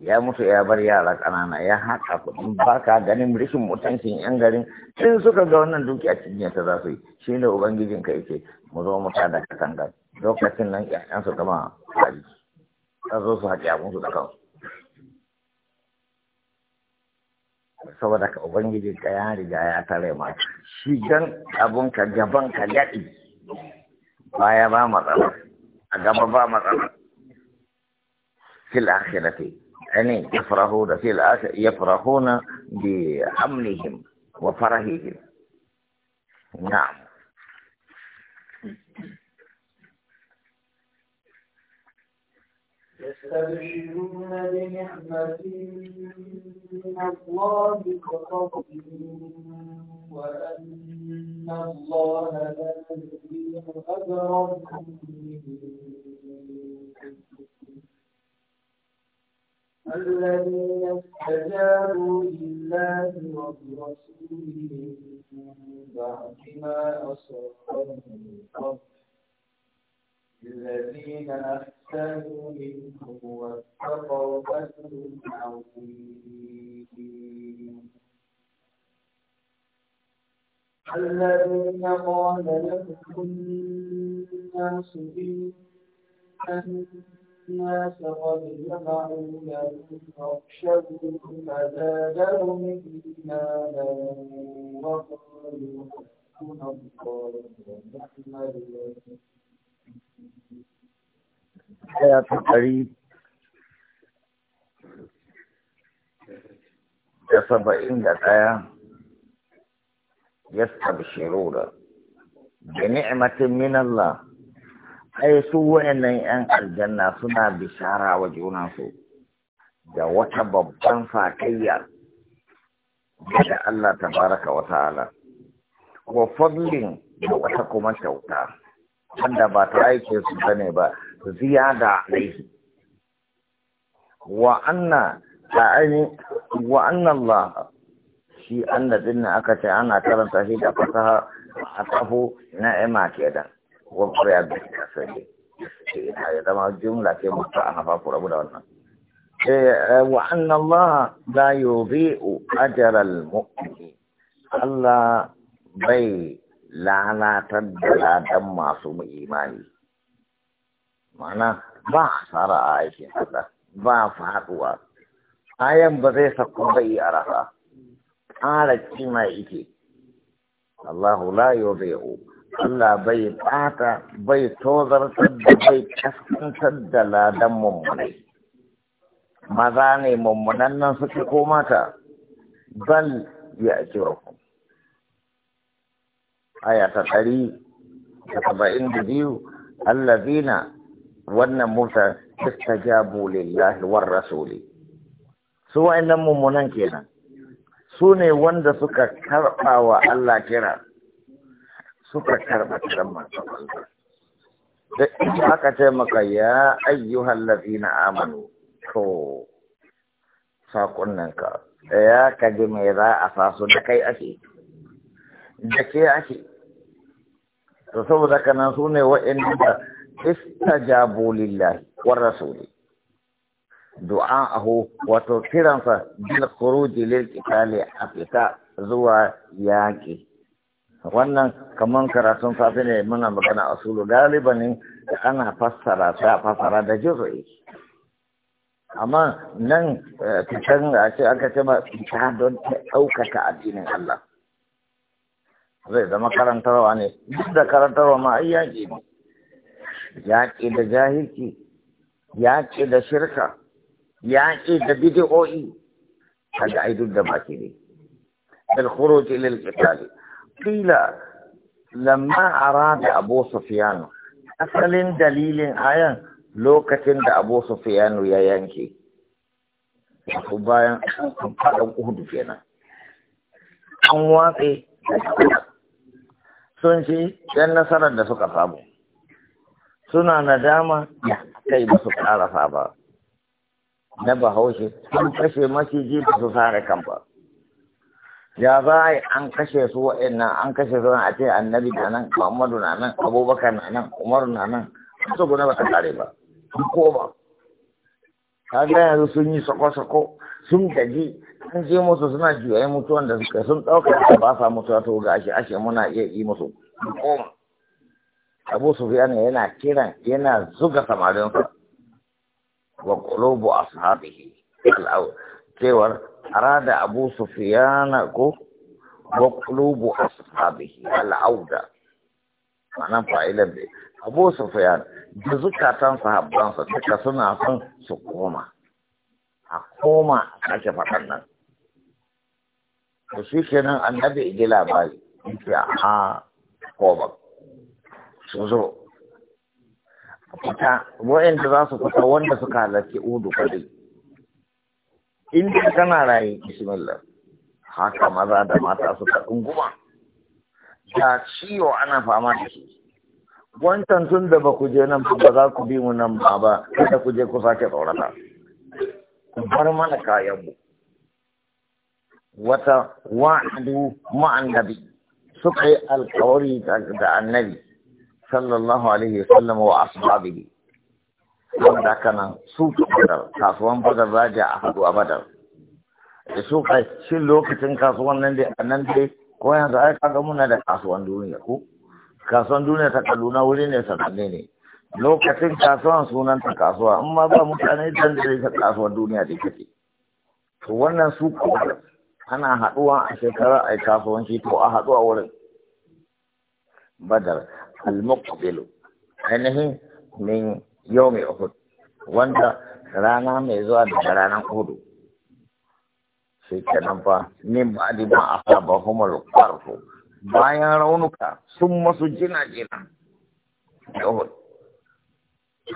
ya mutu ya bar yara ƙanana ya haƙa kuɗin baka ganin rishin mutuncin yan garin in suka ga wannan dukiya cikin ta za su yi shi ne ubangijin ka yake mu zo mu ta da katanga lokacin nan ƴaƴansu gama gama hali ta zo su haƙi abin su da kansu saboda ka ubangiji ka ya riga ya tare ma shi gan abun ka gaban ka gadi baya ba matsala a gaba ba matsala fil akhirati ani yafrahu da fil akhirati yafrahuna bi amnihim wa farahihim na'am يستبشرون بنعمة من الله وفضل وأن الله لا يضيع أجر الذين استجابوا لله ورسوله بعد ما أصابهم القبر الذين أحسنوا منهم واتقوا أجر عظيم الذين قال لهم الناس إن الناس قد جمعوا لهم فاخشوهم فزادهم إيمانا وقالوا حسبنا الله ونعم الوكيل aya ta ɗari da saba'in ɗaya ya stabshiru da da ni'matin min Allah ai su yan aljanna suna bishara wa su. da wata babban fatayya daga Allah tabaraka wa ta'ala wa fadlin da wata kuma kyauta wanda ba ta aike su ne ba ziyada alaihi wa anna ta'ani wa anna Allah shi anna din aka ce ana karanta shi da fasaha a tsafo na'ima da wa qur'a bi kasai shi ina ya zama jumla ke mutu a hafa ku rabu da wannan eh, eh, wa anna Allah la yudhi'u ajra al-mu'min Allah bai lalatar da ladan masu imani mana ba hasara a aikin Allah ba faduwa ayan ba zai sako bai a rasa ƙara kima ike Allahu la yudhi'u Allah bai bata bai tozartar da bai kaskantar da ladan mummunai maza ne mummunan nan suke ko mata bal ya ajiyarku aya ta ɗari da saba'in da biyu allazina wannan musa istajabu lillahi war rasuli su wa'annan mummunan kenan su ne wanda suka karɓa wa Allah kira suka karɓa kiran masu Allah da ita aka ce maka ya ayyuhal ladzina amanu to sakon nan ka ya kaji mai za a faso da kai ake da ke ake to saboda kana su ne wa'anda istajabu lillahi war rasuli du'a'ahu wato kiransa bil khuruji lil qitali a fita zuwa yaƙi wannan kaman karatun safi ne muna magana a sulu ne da ana fassara ta fassara da jirri amma nan eh, fitan a ce aka ce ma fita don ta ɗaukaka addinin Allah zai zama karantarwa ne duk da karantarwa ma ai yaƙi ne yaƙi da jahilci yaƙi da shirka yaƙi da bidi'o'i kaga ai duk da baki ne bil khuruj lil qitali qila lamma arada abu sufyan asalin dalilin ayan lokacin da abu sufyan ya yanke ko bayan fadan uhudu kenan an watse sun ci yan nasarar da suka samu suna nadama ya kai ba su karasa ba na bahaushe sun kashe maciji ba su sare kan ba ya za a yi an kashe su wa'annan an kashe su a ce annabi na nan muhammadu na nan abubakar na nan umaru na nan su guna ba ta kare ba ko ba. kaga yanzu sun yi sako-sako sun gaji an je musu suna juyayi mutuwan da suka sun ɗauka ba sa mutuwa to ga ashe ashe muna iya yi musu koma abu sufyan yana kiran yana zuga samarinsa wa kulubu ashabihi al cewar arada abu sufyan ko wa kulubu ashabihi al-auda fa'ilan da abu sufyan da zukatan sahabbansa duka suna son su koma a koma a kashe faɗan nan to shi kenan annabi ba labari yake a koba su zo fita wa'anda za su fita wanda suka halarci udu kadai inda kana raye bismillah haka maza da mata suka ɗunguma da ciwo ana fama da shi wancan tun da ba ku je nan ba za ku bi mu nan ba ba kada ku je ku sake tsorata ku bar mana kayanmu. wata wa'adu ma'an nabi suka yi alkawari da annabi sallallahu alaihi wasallam wa ashabihi wanda kana su badar kasuwan badar zaja a hadu a badar da su kai shi lokacin kasuwan nan dai annan dai ko yanzu ai kaga muna da kasuwan duniya ko kasuwan duniya ta kaduna wuri ne sananne ne lokacin kasuwan sunan ta kasuwa amma ba mutane dan da ta kasuwan duniya da kake to wannan su kuma ana haɗuwa a shekara a kasuwanci to a haɗu a wurin badar al ainihin min yau mai uhud wanda rana mai zuwa daga ranar hudu shi kenan fa min ba'di ma asabahum qarfu bayan raunuka sun masu jina jina uhud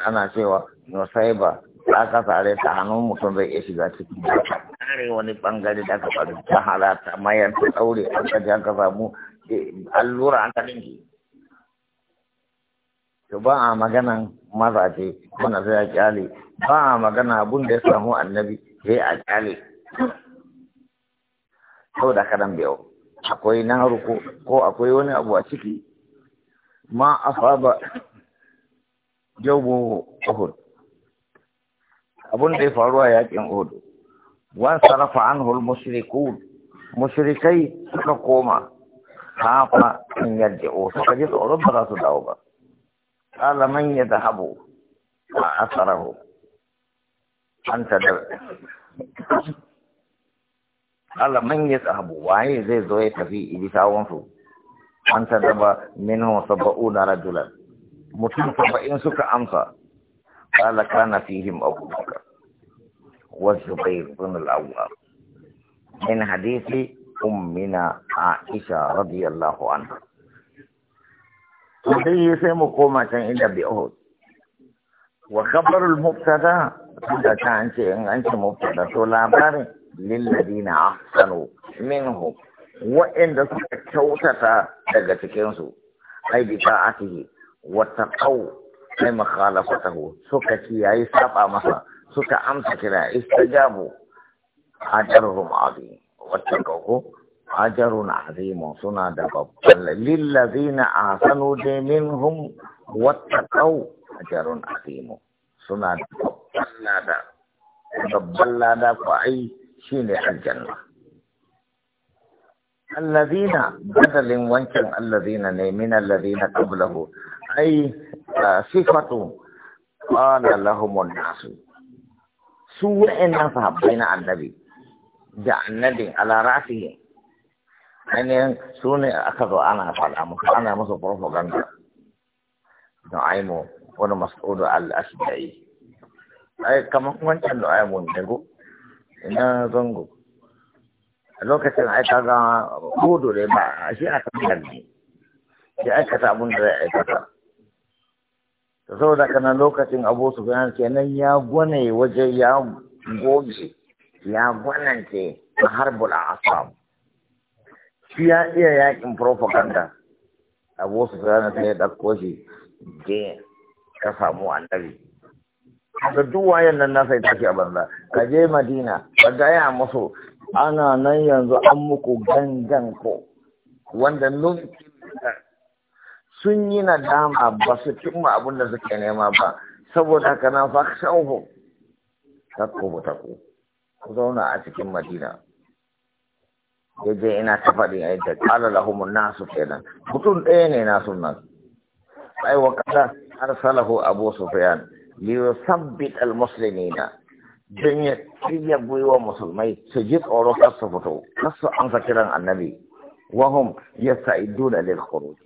ana cewa nusaiba ta kasare ta hannun mutum zai iya shiga cikin kare wani bangare da aka faru ta halata amma ta aure a kaji ja ka samu eh, allura an ka dinki to ba a maganan mazaje wanda zai a kyale ba a magana abun da ya samu annabi sai a kyale sau da kadan biyu akwai naru ko akwai wani abu a ciki ma a asaba yau uhud abun da ya faru a yakin uhud وانصرف عنه المشركون مشركي حكومة خاف أن يرجعوا فقدت أوروبا تدعوبا قال من يذهب وأثره أنت دل. قال من يذهب وعي زي زوية في إبساوانسو أنت دب منه سبعون رجلا متن سبعين سك أمسى قال كان فيهم أبو بكر وزبير بن الأواب من حديث أمنا عائشة رضي الله عنها وفيه سيمقومة إلى بأهد وخبر المبتدى kuda ta an ce in an ci mubtada to labarin lilladina ahsanu Minho, wa'inda suka kyautata daga cikin su ai bi ta ati wa taqaw ai makhalafatahu suka ci yayi saɓa masa suka amsa kira istajabu ajaruhum azim wattaqahu ajarun azim suna da babban lillazina ahsanu dai minhum wattaqau ajarun azim suna da babban lada babban lada ko ai shine aljanna allazina badalin wancan allazina ne min allazina qablahu ai sifatu qala lahum an-nasu su wa'annan sahabbai na annabi da annabin ala ne. ainihin su ne aka zo ana faɗa musu ana musu propaganda don aimo wani mas'udu da yi ai kamar wancan da aimo ne dago ina zango a lokacin ai ta gama hudu ne ba shi aka kalli shi aikata abin da zai aikata da saboda kana lokacin abu su fiyan kenan ya gwane waje ya goge ya gwanance a harbul asam shi ya iya yakin propaganda abu su fiyan sai ya ɗauko shi je ka samu annabi da duk wayan nan na sai a banza ka je madina ka gaya musu ana nan yanzu an muku gangan ko wanda nun sun yi nadama ba su cimma abin da suke nema ba saboda haka na fa shauhu takko ba takko ku zauna a cikin madina ya je ina ta faɗi a yadda ƙala lahumun nasu kenan mutum ɗaya ne nasu nan ai wa kada arsalahu abu sufyan li yusabbit al muslimina don ya tsirya gwiwa musulmai su ji tsoro kasu fito kasu an sa kiran annabi wahum yasta'iduna lil khuruj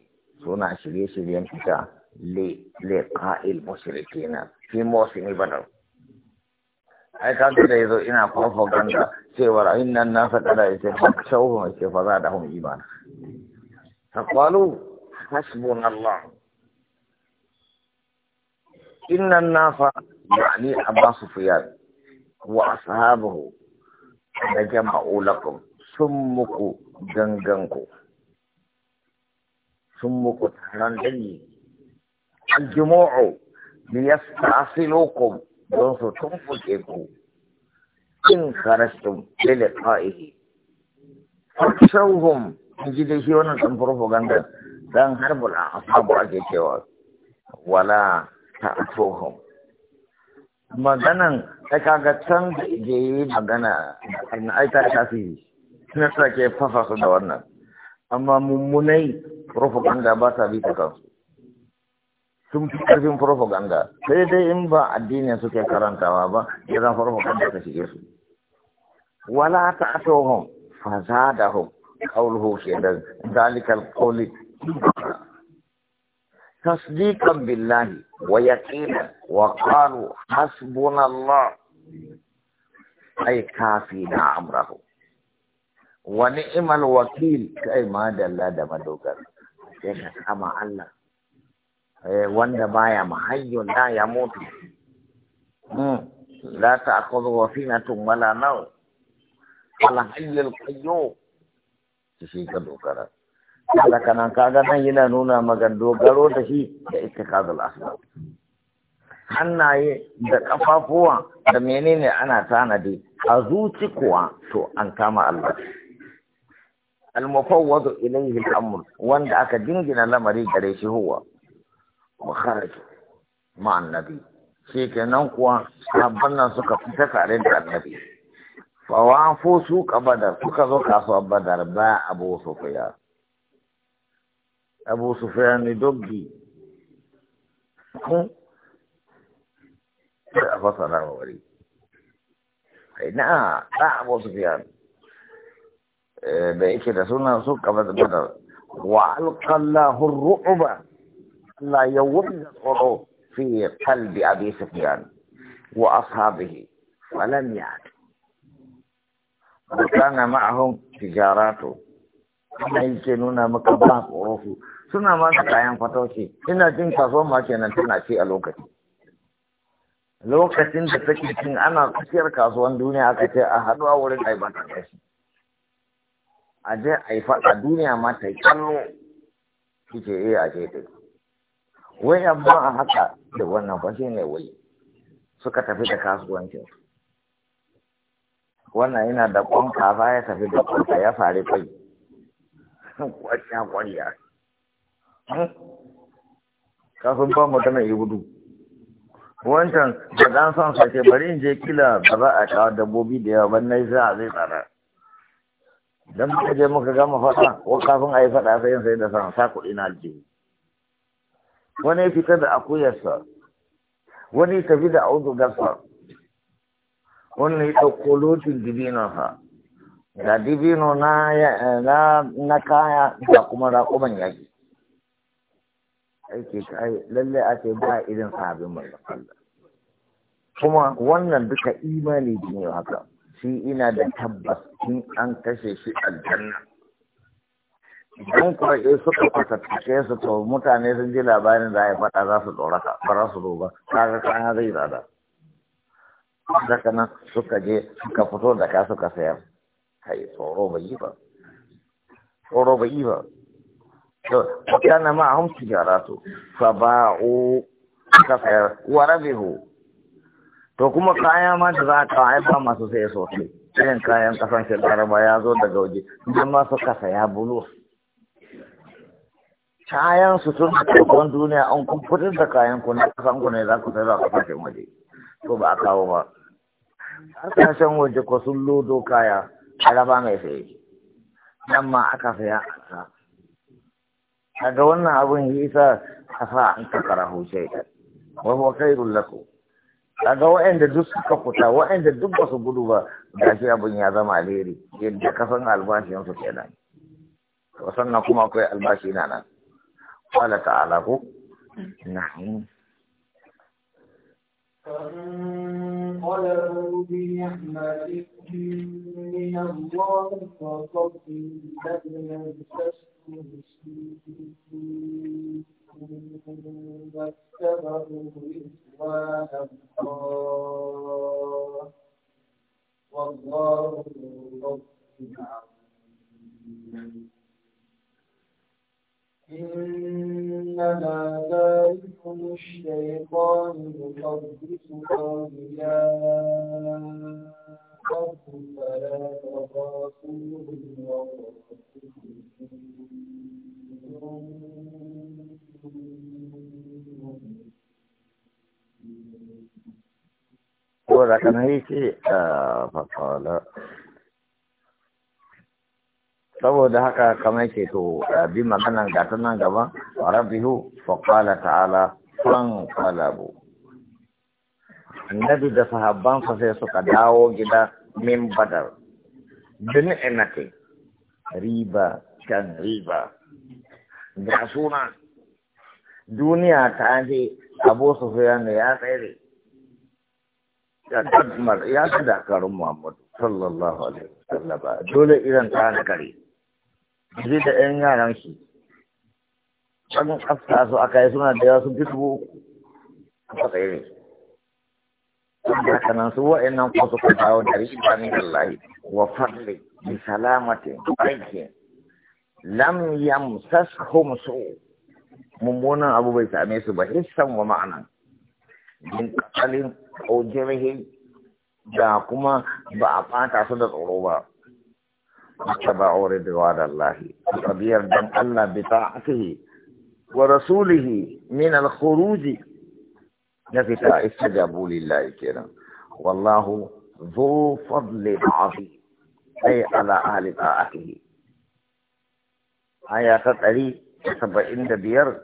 suna shirye-shiryen fita liqa'il mushrikina fi mawsimi badar ai ka da yazo ina propaganda cewa innan nasa kada yace fakshawhum yace fa zadahum iman faqalu hasbunallah innan nasa yani su fiya wa asahabu da jama'u lakum sun muku ganganku sun muku taron dangi aljumu'u liyastasilukum don su tumfuke ku in kharastum lilqa'ihi fakshawhum in ji dai shi wannan dan propaganda dan harbul asabu ake cewa wala ta'tuhum maganan ta kaga can da je magana magana na aita ta fi na sake fafasa da wannan amma mummunai propaganda ba ta bi ta kansu sun fi ƙarfin propaganda sai dai in ba addinin suke karantawa ba ya zan propaganda ta shige su wala ta atohun fazadahum qawluhu shaydan zalikal qawli tasdiqan billahi wa yaqinan wa qalu hasbunallah ay kafina amrahu wani imal wakil kai ma Allah da madogara sai ka kama Allah eh, wanda baya mahayyun da ya mutu hmm. la fina tum wala naw ala hayyul qayyum shi ka dogara Allah kana kaga nan yana nuna magan dogaro da shi da ittikadul asbab hannaye da kafafuwa da menene ana tanadi a zuci kuwa to an kama Allah Almofow wato ilai hitamun wanda aka dingina lamari dare shiho wa makarant ma'anadi. Keke nan kuwa sabbin suka fi tare da annabi. Bawan fo suka badar, suka zo ka su abadar abu su Abu sufiyar ni dabbinsun. Sai a fasahar a wari. A na? Na abu su fayar. Eh, da yake da suna su kaba da badar wa alqallahu ru'ba la da tsoro fi a bisa fiyan wa ashabihi wa lam ta na ma'ahun tijaratu ana ke nuna maka ba tsoro su suna ma da kayan fatoci ina jin kaso ma kenan tana ce a lokaci lokacin da take cin ana kusiyar kasuwan duniya aka ce a haɗuwa wurin aibata kashi a je a yi faɗa duniya ma ta yi kallo shi ce eh a je ta wai amma a haka da wannan fa ne wai suka tafi da kasuwancin wannan yana da ƙwan ba ya tafi da ƙwan ya fari kai kwanya kwanya hmm? kafin ba mu tana yi gudu wancan da dan son sa bari in je kila ba za a kawo dabbobi da yawa ban yi za a zai tsara dan muka je muka gama faɗa ko kafin a yi faɗa sai yin sai da san sa kuɗi na aljihu wani ya fita da akuyarsa wani ya tafi da audugarsa wani ya ɗauko lotin dibinonsa da dibino na, na, na kaya da kuma raƙuman yaƙi aiki kai lallai a ce ba irin sabin mai kuma wannan duka imani ne haka shi ina da tabbas tun an kashe shi aljanna idan kwaɗe suka take su to mutane sun ji labarin da ya faɗa za su tsoraka ba za su roba ba kaga kana zai zada daga nan suka je suka fito da ka suka sayar kai tsoro bai yi ba tsoro bai yi ba to kana ma hum tijaratu fa ba'u ka sayar wa rabihu to kuma kaya ma da za ka haifa masu sai sosai irin kayan kasan shekara ya zo daga waje idan ma suka saya bulu kayan su sun kakon duniya an kun fitar da kayan ku na kasan ku ne za ku sai za ku fashe waje to ba a kawo ba kasashen waje ko sun lodo kaya araba mai saye nan ma aka saya a sa daga wannan abin yi sa a sa an kakara hushai wa huwa khairul lakum kaga wa'anda duk suka fita wa'anda duk ba su gudu ba da shi abin ya zama alheri yadda ka san albashin su kenan to sannan kuma akwai albashi na nan qala ta'ala ko na انقلبوا بنعمة من الله وفضل لم يمسسهم سوء واتبعوا رضوان الله والله رب إنما ذلكم الشيطان يخبط أولياءكم فلا تخافوهم وخافوهم ko da kana yake fakala saboda haka kamar ke to bi maganan gata nan gaba rabbihu faqala ta'ala fan qalabu annabi da sahabban sa sai suka dawo gida min badar bin enate riba can riba ga suna duniya ta je abu su ya tsere ya kaddamar ya ta dakarun Muhammadu sallallahu alaihi wasallam dole irin ta na kare Jiri da yan yaran shi can tsafta su aka yi suna da yawa sun fito uku a tsaye ne haka nan su wa'annan kuma suka dawo da rikin tsanin Allah wa fadli bi salamatin aiki. lam yamsashum su mummunan abu bai same su ba hissan wa ma'anan Jin qalin ƙaujirhi da kuma ba a ɓata su da tsoro ba ta ba aure da wa da Allah tabiyar dan Allah bi ta'atihi wa rasulihi min al-khuruj da fi ta lillahi kiran wallahu zo fadli ba'afi ay ala ahli ta'atihi aya ta ɗari saba'in da biyar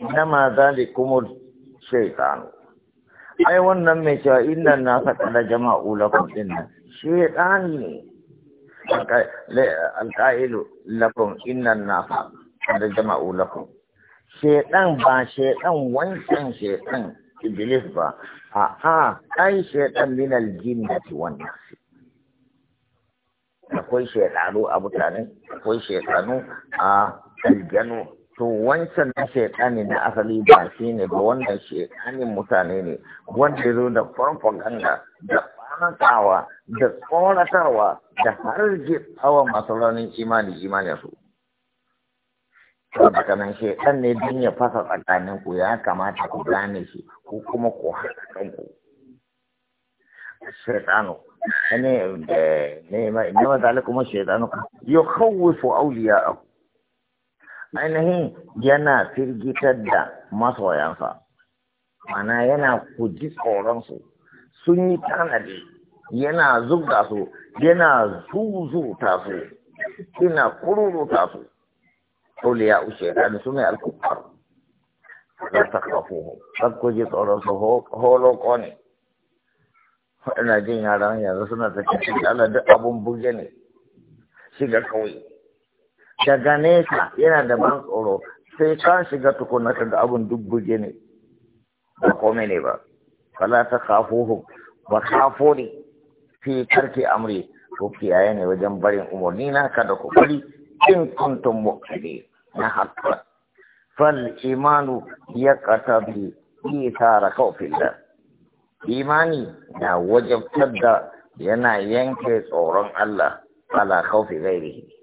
nama zalikumul shaita. ai wannan mai cewa inna na faɗa da jama'u lakum din nan shaytani ne Alƙa'ilu lakum inna na faɗa da jama'u lakum shaytan ba shaytan wancan shaytan iblis ba a a ai shaytan min da wan wannan akwai shaytanu a mutane akwai shaytanu a aljanu to wancan na shaitani na asali ba shi ne ba wannan shaitanin mutane ne wanda ya zo da farfaganda, da fatawa da tsoratarwa da harge tsawa masu ranar imani imanin su saboda nan shaitan ne don ya fasa tsakanin ku ya kamata ku gane shi ko kuma ku haɗa kanku shaitanu ne ne ma zalika kuma shaitanu yukhawifu awliya'ahu ainihin yana firgitar da masoyansa mana yana kuji tsoronsu sun yi tanadi yana zubda su yana zuzuta su yana kururuta su ya ushe ɗani su ne alkufar za ta kafu kar ku ji tsoronsu holoko ne waɗanda jin yaran yanzu suna ta cikin ala duk abun buge ne shiga kawai daga nesa yana da ban tsoro sai ka shiga tukuna ka ga abin dubbuje ne ba kome ne ba fala ta hu ba kafo ne fi amri ko kiyaye ne wajen barin umarni na ka ku bari in kuntum mu'minin na hakka fal imanu yi tara isara da. imani na wajabtar da yana yanke tsoron Allah ala zai ghairihi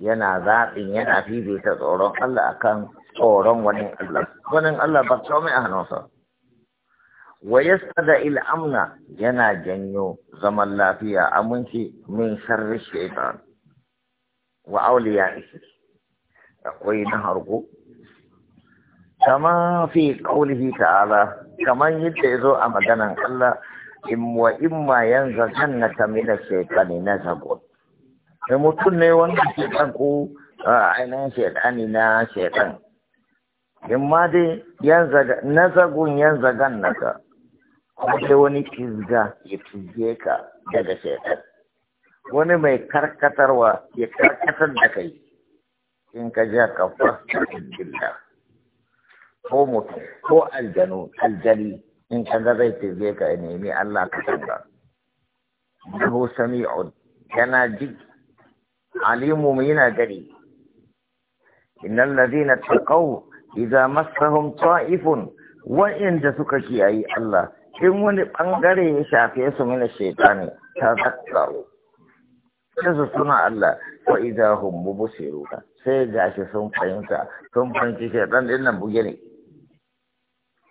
yana zaɓin yana fifita tsoron Allah akan tsoron wani Allah wani Allah ba mai a hannunsa wa ya il'amna il'amna yana janyo zaman lafiya aminci min sharri shaitan wa auliya akwai na harko kama fi qaulihi ta'ala kamar yadda ya zo a maganan Allah in wa na na tamina ash na zagon. kai eh, mutum ne wanda ke ɗan ko ainihin shaidani na shaidan in ma dai na zagun yan zagan naka kuma sai wani fizga ya fizge ka daga shaidan wani mai karkatarwa ya karkatar da kai in ka ja ka fasta jirgin ko mutum ko aljanu aljali in ka ga zai fizge ka ya nemi Allah ka tanga Nahu sami'un yana ji alimu yana gari innal ladina taqaw idza massahum ta'ifun wa'inda suka kiyayi Allah in wani bangare ya shafe su mina shaytani ta zakkaru sai su suna Allah wa idza hum mubsiruna sai gashi sun fahimta sun fahimci shaytan din nan buge ne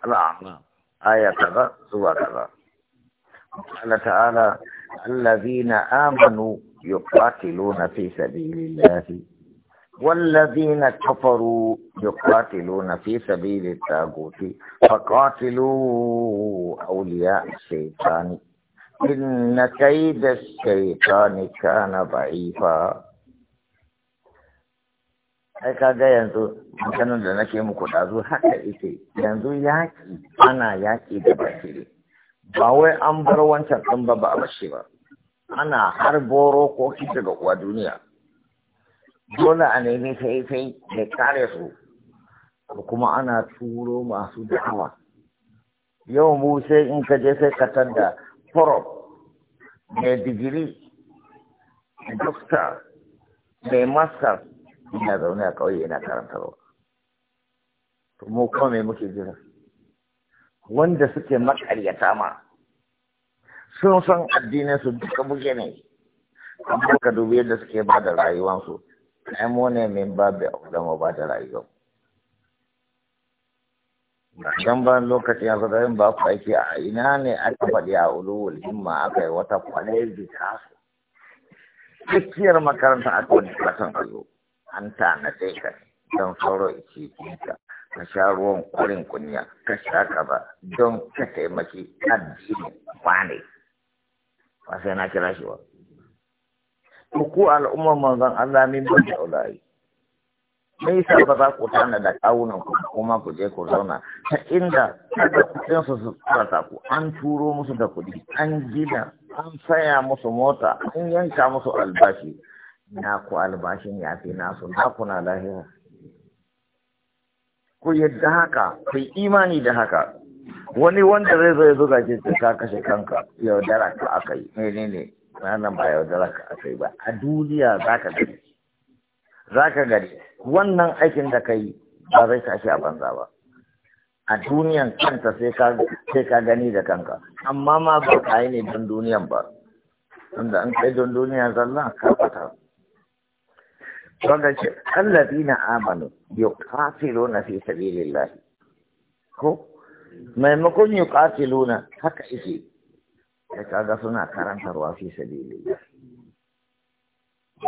Allah aya kaza zuwa kaza Allah ta'ala allazina amanu يقاتلون في سبيل الله والذين كفروا يقاتلون في سبيل الطاغوت فقاتلوا أولياء الشيطان إن كيد الشيطان كان ضعيفا ai kaga yanzu maganin da nake muku ɗazu haka ite yanzu yaƙi ana yaƙi da basiri ba wai an bar wancan ɗin ba ba a bashi ba ana har boro ko ga uwa duniya dole a nemi sai da kare su kuma ana turo masu da'awa yau mu sai in ka je sai ka tadda prof mai digiri dokta mai master ina zaune a ƙauye ina karantarwa to mu kuma mai muke jira wanda suke makaryata ma sun san addinin su duka buge ne amma ka dubi yadda suke ba da rayuwansu kai mu ne min ba babu da mu ba da rayuwa dan ban lokaci ya zama ba ku aiki a ina ne aka faɗi a ulul himma aka yi wata kwalayar jika su cikiyar makaranta a wani kasan allo an tanaje ka don sauro ice ka ka sha ruwan kurin kunya ka sha ka ba don ka taimaki addini wane ba sai na kira shi ba to ku al'ummar manzon Allah min ba da ulai me yasa ba za ku tana da kawuna ku kuma ku je ku zauna ta inda kada kuɗin su su tsarata ku an turo musu da kuɗi an gina an saya musu mota an yanka musu albashi na ku albashin ya fi nasu na ku na lahira ku yadda haka ku imani da haka wani wanda zai zo ya zuga ce ta ka kashe kanka yaudara ka aka yi ne? menene nan ba yaudara ka aka yi ba a duniya za ka gani za ka gani wannan aikin da ka yi ba zai tashi a banza ba a duniyan kanta sai ka gani da kanka amma ma ba ka yi ne don duniyan ba wanda an kai don duniya zalla ka fata wanda ce allazina amanu yuqatiluna fi sabilillah ko maimakon yi luna haka ike da kaga suna karantarwa fi sabilillah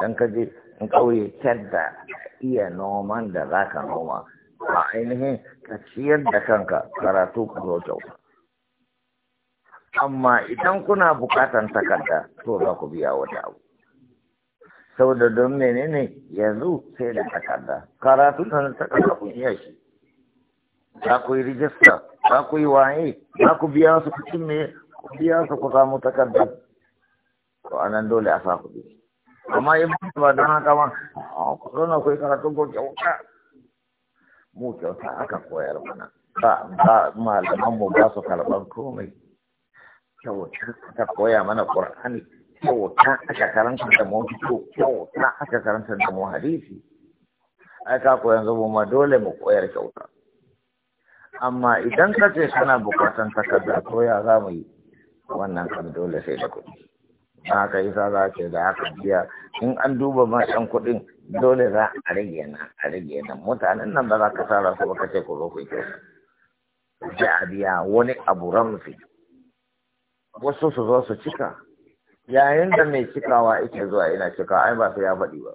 dan ka je in ƙauye da iya noman da za ka noma a ainihin ka ciyar da kanka karatu ka zo kyau. amma idan kuna buƙatan takarda to za ku biya wata abu saboda don menene yanzu sai da takarda karatu na takarda kun iya shi za ku yi rijista za ku yi waye za ku biya su ku me ku biya su ku samu takardar to a nan dole a sa ku bi? amma in ba don haka ma a zauna ku yi karatun ko kyauta mu kyauta aka koyar mana ba ba malaman mu ba su karɓar komai kyauta aka koya mana qur'ani kyauta aka karanta da mu fito kyauta aka karanta da mu hadisi ai ka koyan zubo ma dole mu koyar kyauta amma idan ka ce kana bukatan takarda ko ya za mu yi wannan kan dole sai da kuɗi haka isa za ce da haka biya in an duba ma ɗan kuɗin dole za a rage na a rage na mutanen nan ba za ka tara su ba ka ce ku zo ku yi sai a biya wani abu ramfi wasu su zo su cika yayin da mai cikawa ita zuwa ina cika ai ba su ya faɗi ba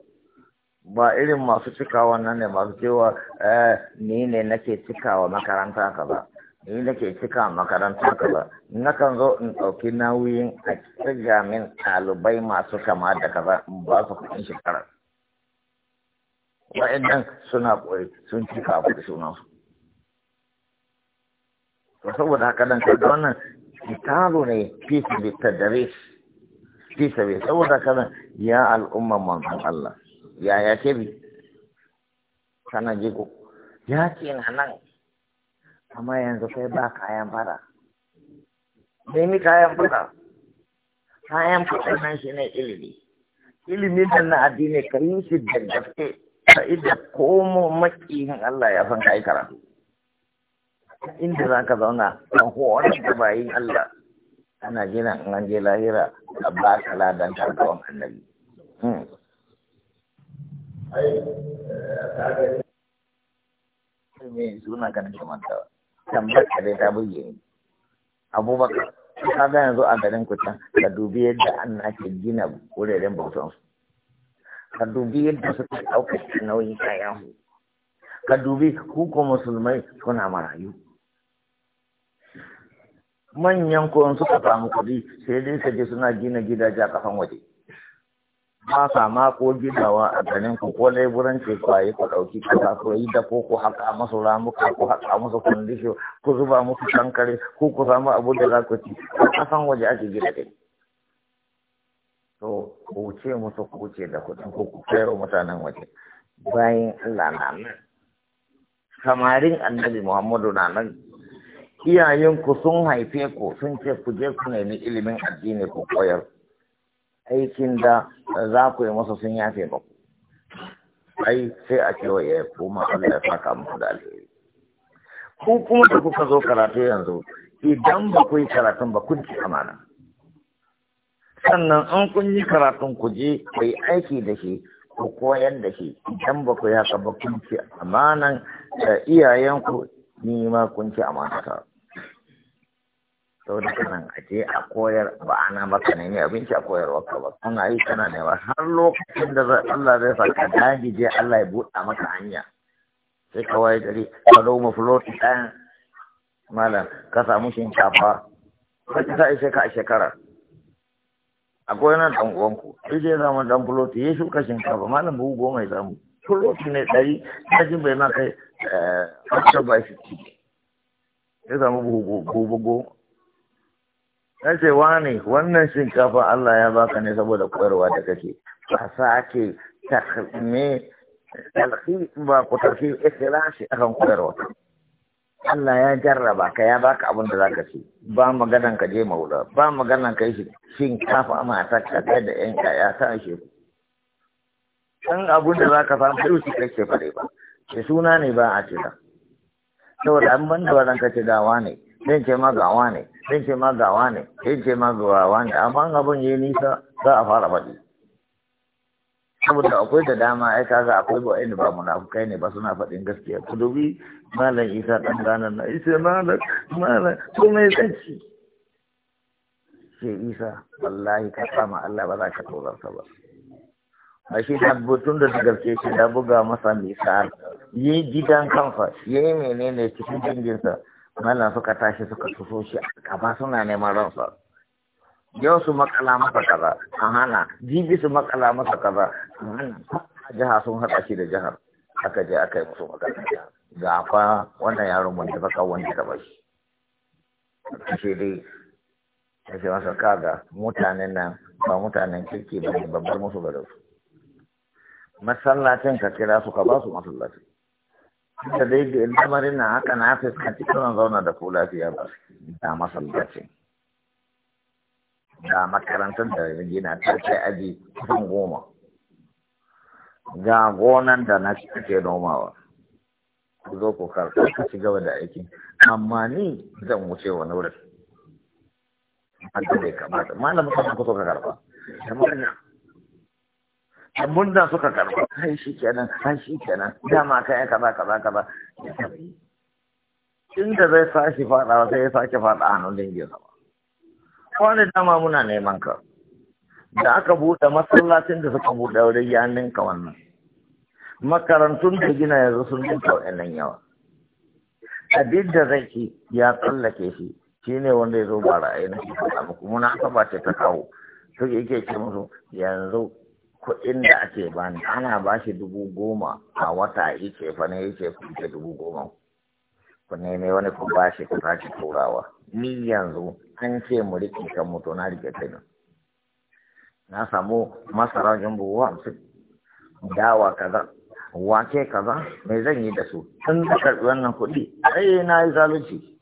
ba irin masu cikawa nan ne masu cewa eh, ni ne nake cikawa makaranta kaza ni nake cika makaranta kaza nakan zo in ɗauki nauyin a tsiga min ɗalibai masu kama da kaza in ba su kuɗin shekara wa'annan suna ƙwai sun cika a da sunan su saboda haka dan kaga wannan kitalo ne fi sabi tadris fi sabi saboda kaza ya al'umman manzon Allah yaya kebi sana jigo ya ce na nan amma yanzu kai ba kayan fara ni kayan fara kayan fara nan shi ne ilimi ilimi da na addini ka shi da gaske ka ida komo makiyin Allah ya san kai karatu inda za ka zauna kan horon da bayin Allah ana jiran in an je lahira a ba ka ladan annabi hmm. ai ta eh, ga me suna ganin kamar ta tambayar ta burge abubakar ka ga yanzu a garin ku can ka dubi yadda an na ke gina wuraren bautan su ka dubi yadda suka ɗaukar nauyin kayan su ka dubi kuku musulmai suna marayu manyan kuwan suka samu kuɗi sai dai ka je suna gina gidaje a kafan waje ba sa ma ko gidawa a ganin ku ko leburanci ku a yi ku ɗauki kasa ko yi da ko ku haƙa musu ramuka ku haƙa musu kundisho ku zuba musu kankare ko ku samu abu da za ku ci a san waje ake gida dai to ku ce musu ku ce da kuɗin ku ku kero mutanen waje bayan Allah na nan samarin annabi Muhammadu na nan iyayenku sun haife ku sun ce ku je ku nemi ilimin addini ku koyar aikin da za ku yi masa sun yafe ba ku ai sai a cewa ya kuma Allah ya saka muku da alheri ku kuma da kuka zo karatu yanzu idan ba ku yi karatun ba kun ci amana sannan an kun yi karatun ku je ku yi aiki da shi ku koyar da shi idan ba ku yi haka ba kun ci amanan iyayenku ni ma kun ci amanata sau da kanan a je a koyar ba ana maka ne ne abinci a koyarwa ka ba kuma yi kana ne har lokacin da Allah zai saka daji je Allah ya buɗa maka hanya sai ka waye gari ka zo mu floti ɗan malam ka samu shinkafa ka ci ta ishe ka a shekara akwai nan ɗan uwanku sai je zama ɗan floti ya shuka shinkafa malam buhu goma ya samu floti ne ɗari ɗajin bai ma kai ɗan eh, ba shi ya samu buhu goma na ce ne wannan shinkafa Allah ya baka ne saboda koyarwa da kake ba sa ake takhme talhi ba ku tarfi ikhlashi akan koyarwa Allah ya jarraba ka ya baka abin da zaka ci ba maganan ka je maula ba maganan ka yi shinkafa ta kada da yan kaya ta shi san abin da zaka samu sai shi kake fare ba ke suna ne ba a ce da saboda an banda wannan kace gawa ne zan ce ma gawa ne sai ce ma gawa ne sai ce ma gawa ne amma abin yi nisa za a fara faɗi saboda akwai da dama ai kaga akwai ba inda ba munafukai ne ba suna faɗin gaskiya ku dubi malam isa dan ganan na isa malam malam ko mai sanci sai isa wallahi ka kama Allah ba za ka tsorarsa ba a shi tabbatun da gaske shi da buga masa misal yi gidan kanfa yi menene cikin dinginsa mallan suka tashi suka tuso shi a gaba suna neman ransa yau su makala masa kaza a hana jibi su makala masa kaza a hana jiha sun haɗa shi da jihar aka je aka yi musu magana ga fa wannan yaron wanda baka wanda ta bashi shi dai ta ce masa kaga mutanen nan ba mutanen kirki ba ne babbar musu da su masallacin ka kira su ka ba su masallacin da dai da lamarin na haka na fuskanci kuma zauna da ku lafiya ba da masallaci da makarantar da gina ta kai aji kusan goma ga gonan da na ke nomawa ku zo ku gaba da aiki amma ni zan wuce wani wurin haka bai kamata malamin da suka karɓa ai shi kenan ai shi kenan dama kai kaza kaza kaza inda zai sashi faɗa sai ya sake faɗa hannun dangin sa wani dama muna neman ka da aka buɗe masallacin da suka buɗe wurin ya ninka wannan makarantun da gina yanzu sun ninka nan yawa abin da zai ci ya tsallake shi shi ne wanda ya zo ba ra'ayi na shi muku ba ce ta kawo to yake ce musu yanzu kuɗin da ake bani ana ba shi dubu goma a wata yake fa ne yake kuɗe dubu goma ku neme wani ku ba shi ku sake turawa ni yanzu an ce mu riƙe kan mutu na riƙe kai na samu masara jumbo hamsin dawa kaza wake kaza me zan yi da su tun da karɓi wannan kuɗi ai na yi zalunci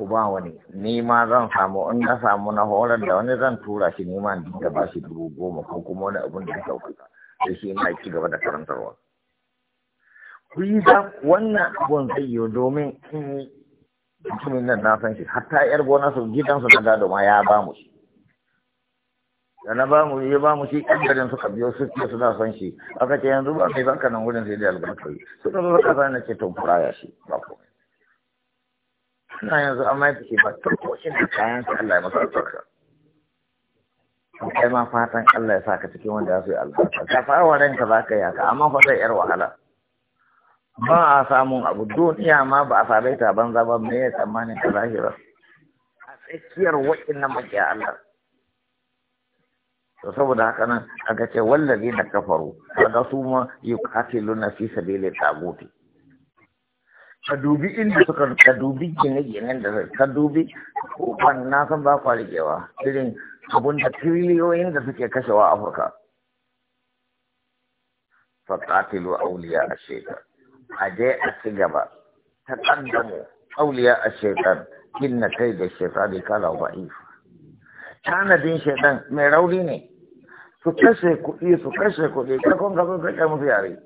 ku ba wani ni ma zan samu in na samu na horar da wani zan tura shi ni ma da ba shi dubu goma ko kuma wani abun da ya sauƙaƙa sai shi ma ci gaba da karantarwa ku yi da wannan abun zai yi domin in mutumin nan na san shi hatta yar gona su gidansu na gado ma ya ba mu shi da na ba mu ya ba mu shi ɗan garin suka biyo su ce suna son shi aka ce yanzu ba mai baka nan wurin sai da albarkai suka zo suka zana ce to ya shi ba komai suna yanzu an mai fice ba ta koshin da kayan ka Allah ya masa albarka kai ma fatan Allah ya saka cikin wanda ya so albarka ka fara ranka za ka yi haka amma fa sai yar wahala ba a samun abu duniya ma ba a same ta banza ba me ya tsammanin ka lahira a tsakiyar wa'innan makiya Allah to saboda haka nan aka ce wallazi na kafaru kaga su ma yuqatiluna fi sabilillahi ka dubi inda suka ka dubi gine-ginen da ka dubi kofan na san ba kwa rikewa irin abun da triliyoyin da suke kashewa afirka fakatilu auliya a shekar a je a ci gaba ta ƙaddamu auliya a shekar na kai da da kala ba'if tanadin shekar mai rauni ne su kashe kuɗi su kashe kuɗi kakon kakon kakon musu yare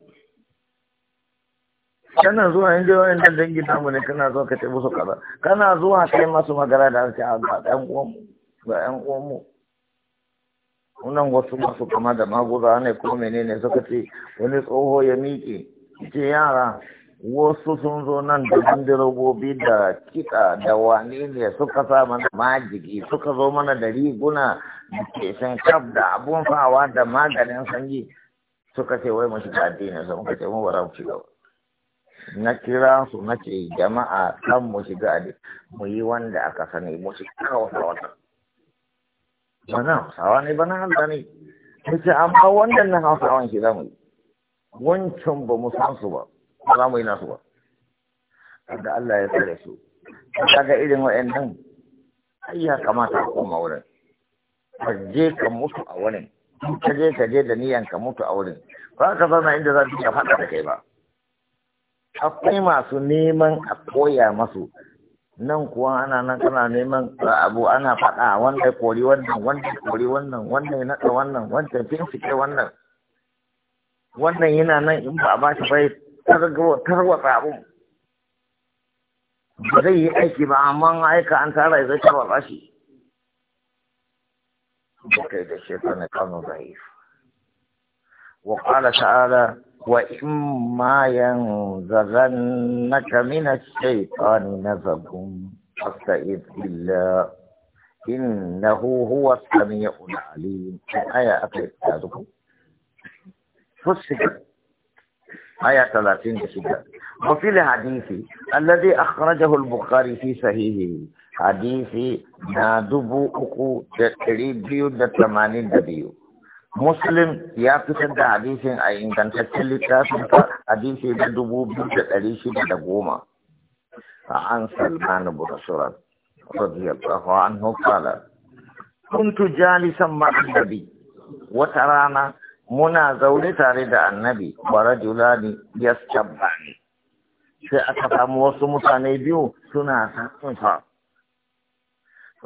kana zuwa in dai wayan dangi mu ne kana zuwa ka musu kaza kana zuwa yi masu magana da ake a ah, ɗan uwan ga wannan wasu masu kama da maguza ne ko menene suka ce wani tsoho ya miƙe ce yara wasu sun zo nan da bandirobobi da kiɗa da wane ne suka sa mana majigi suka zo mana da riguna da keshin kaf da abun fawa da maganin sanyi suka ce wai mu shiga addini sai muka ce mu ba za shiga ba na kira su na ce jama'a kan mu shiga a mu yi wanda aka sani mu shiga a wata ba na hausawa ne ba na hausa ne Mu ce amma wannan na hausawan shi za mu yi wancan ba mu san su ba ba za mu yi nasu ba da Allah ya tsare su ga irin wa'annan ai ya kamata a koma wurin ka je ka mutu a wurin ka je ka je da niyan ka mutu a wurin ba ka zauna inda za ka faɗa da kai ba akwai masu neman a koya masu nan kuwa ana nan kana neman abu ana faɗa wanda kori wannan wanda kori wannan wanda ya naɗa wannan wanda fincike wannan wannan yana nan in ba a ba shi bai tarwatsa abu ba zai yi aiki ba amma aika an tara zai tarwatsa shi. Bukai da shekaru na kano zai yi. وقال تعالى وإما ينزغنك من الشيطان نزغ فاستعذ بالله إنه هو السميع العليم آية أتيتكم فسك آية 36 وفي الحديث الذي أخرجه البخاري في صحيحه حديث نادب أكو تقريب بيو دتمانين دبيو muslim ya fitar da hadisin a ingantaccen littafin hadisi da dubu biyu da ɗari shida da goma a an salman abu rasulat radiyallahu anhu qala kuntu jalisan ma'a nabi wata rana muna zaune tare da annabi wa rajulani yastabbani sai aka samu wasu mutane biyu suna sa fa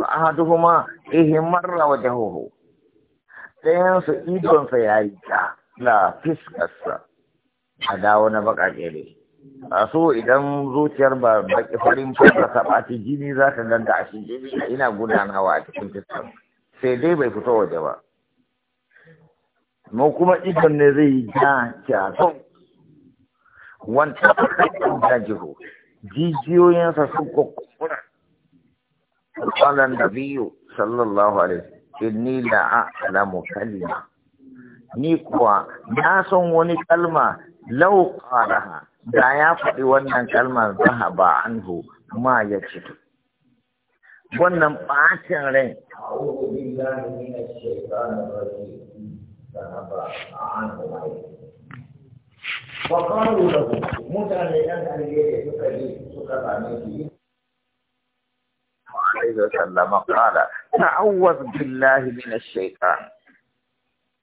ahaduhuma ihmarra wajhuhu ɗayansu idonsa ya yi ta na fiskarsa a dawo na baƙaƙe ne a so idan zuciyar ba baƙi farin fata saɓati jini za ka ganta a shi jini a ina gudanawa a cikin fiskar sai dai bai fito waje ba mu kuma idon ne zai yi ja jason wanta fakakken jiho. jijiyoyinsa sun kwakwakura da biyu sallallahu alaihi inni la a'lamu kalima ni kuwa na san wani kalma law qalaha da ya faɗi wannan kalma zahaba anhu ma ya ci wannan bacin rai Wa ƙaru da mutane ɗan suka ji suka same shi. Wa alaihi wa sallama ƙara, ta'awwaz billahi minash shaitan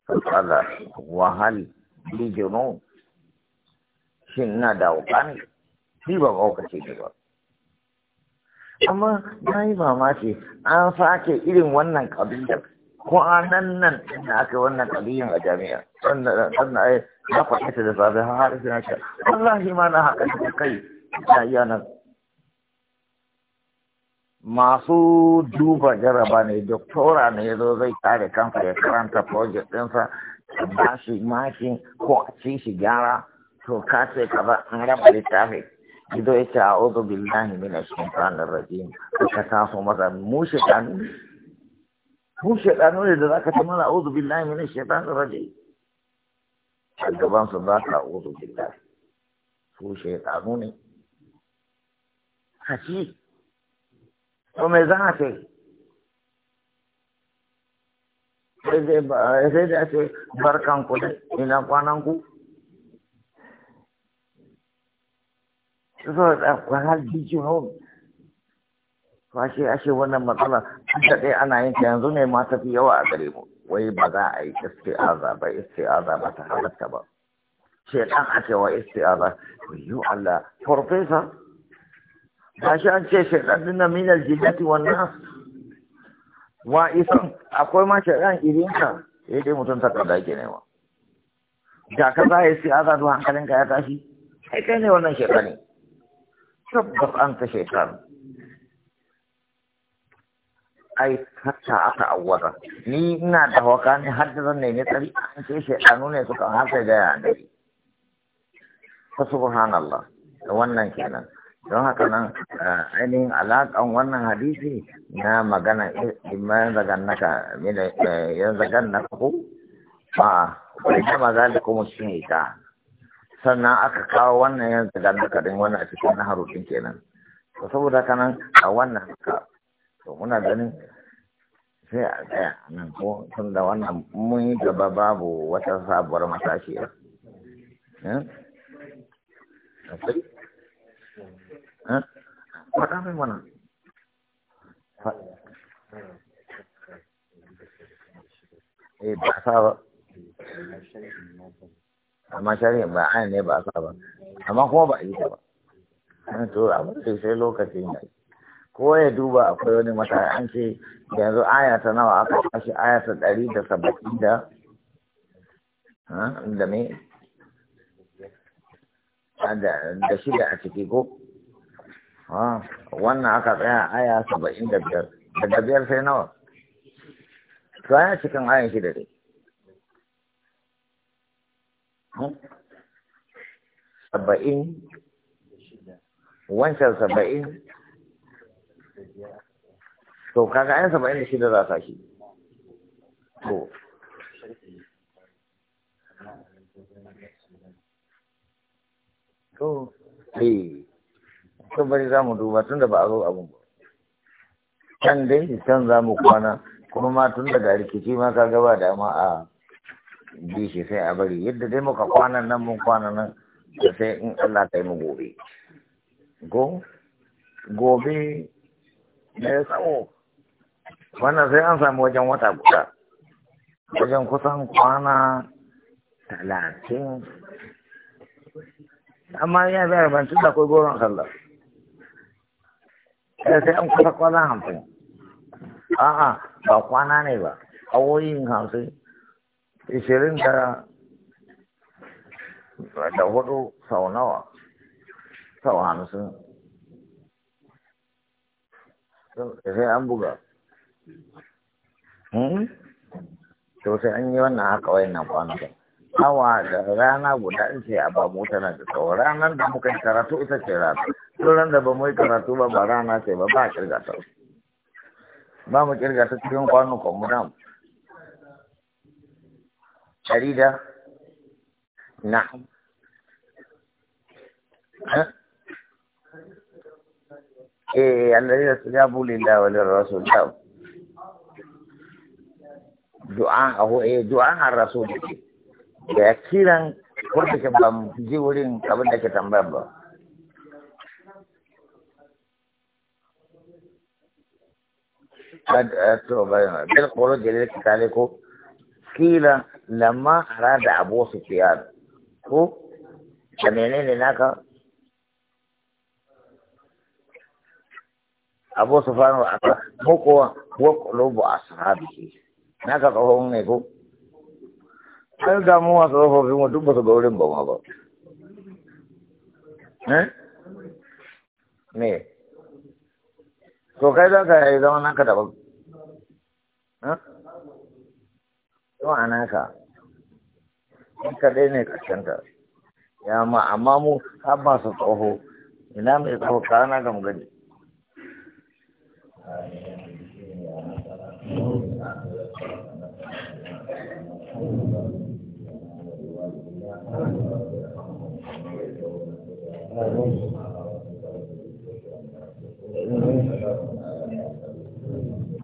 fala wa hal bi junun shin na da wukan shi ba ka ce ba amma na yi mamaki an sake irin wannan kabilar ko nan nan da aka wannan kabilar a jami'a sannan ai na faɗa da safe har sai na wallahi ma na haka kai na iya nan masu duba jaraba ne doktora ne ya zo zai kare kansa ya karanta project ɗinsa ya ba shi mashi ko a ci shi gyara to ka ce ka ba an raba littafi gido ya ce a ozo billahi mina shimfanin rajim ka taso masa mu ɗanu mu ɗanu ne da za ka ce mana ozo billahi mina shimfanin rajim a gabansu za ka ozo billahi su ɗanu ne Haji to me za a ce sai da ce barkan ku da ina kwanan ku so da kwanar jiji hau kwashe ashe wannan matsala an daɗe ana yin ta yanzu ne ma tafi yawa a gare mu wai ba za a yi isti'aza ba isti'aza ba ta halatta ba shedan a cewa isti'aza yiwu Allah farfesa gashi an ce shaidan din na minal jinnati wannan wa isan akwai ma shaidan irinka sai dai mutum ta kada ke nema da ka za ya sai aza to hankalinka ya tashi sai kai ne wannan ne? tabbas an ta shaidan ai hatta aka awwada ni ina da hawaka ne har da zan nemi tsari an ce shaidanu ne suka har sai da ya dare ta subhanallah wannan kenan don haka nan eh, ainihin alaƙan wannan hadisi na magana imayen eh, zagannaka mina eh, yan na ku ba wani kama zali kuma shi ta sannan aka kawo wannan yan zagannaka din wannan a cikin naharu kenan to saboda haka nan a wannan ka to muna ganin sai a tsaya nan ko tun da wannan mun yi gaba babu wata sabuwar Okay. faɗa mai mana eh ba sa ba amma shari'a ba ayan ne ba sa ba amma kuma ba a yi ta ba to abin da sai lokacin da ko ya duba akwai wani mata an ce yanzu aya ta nawa aka tashi aya ta ɗari da saba'in da da me da shida a ciki ko wannan aka tsaya aya saba'in da biyar daga biyar sai nawa tsaya cikin ayan shi da dai hmm? saba'in wancan saba'in to kaga ayan saba'in da shida za ta shi to to eh to bari za mu duba tun da ba a zo abin ba can dai can za mu kwana kuma ma tun daga rikici ma ka gaba da ma a bi shi sai a bari yadda dai muka kwana nan mun kwana nan sai in Allah yi mu gobe go gobe ya tsawo wannan sai an samu wajen wata guda wajen kusan kwana talatin amma ya zai tun da akwai goron sallah sai sai an kusa kwana hamsin a'a ba kwana ne ba awoyin hamsin ishirin da da hudu sau nawa sau hamsin sai an buga hmm? to sai an yi wannan haka wayannan kwanakin awa da rana guda in ce a ba mutane da sau ranar da muka karatu ita ce rana turan da ba mu yi karatu ba ba rana ce ba ba a kirga ta ba mu kirga ta cikin kwanukan mu namu ɗari da na eh allari da su jabu lillahi wa lirrasul ta du'a aho eh du'a har rasul da kiran wanda ke ban ji wurin abin da ke tambayar ba to bayan bil qulu jalil kitale ko kila lamma arada abu sufyan ko da menene naka abu sufyan wa aka muku wa qulubu ashabihi naka tsohon ne ko sai ga mu wasu tsofaffin mu duk ba su ga wurin ba to kai za ka yi zama naka daban to a naka in kaɗai ne kashinta, ya ma amma mu har masu tsoho ina mai tsoho kana gam gani Thank you.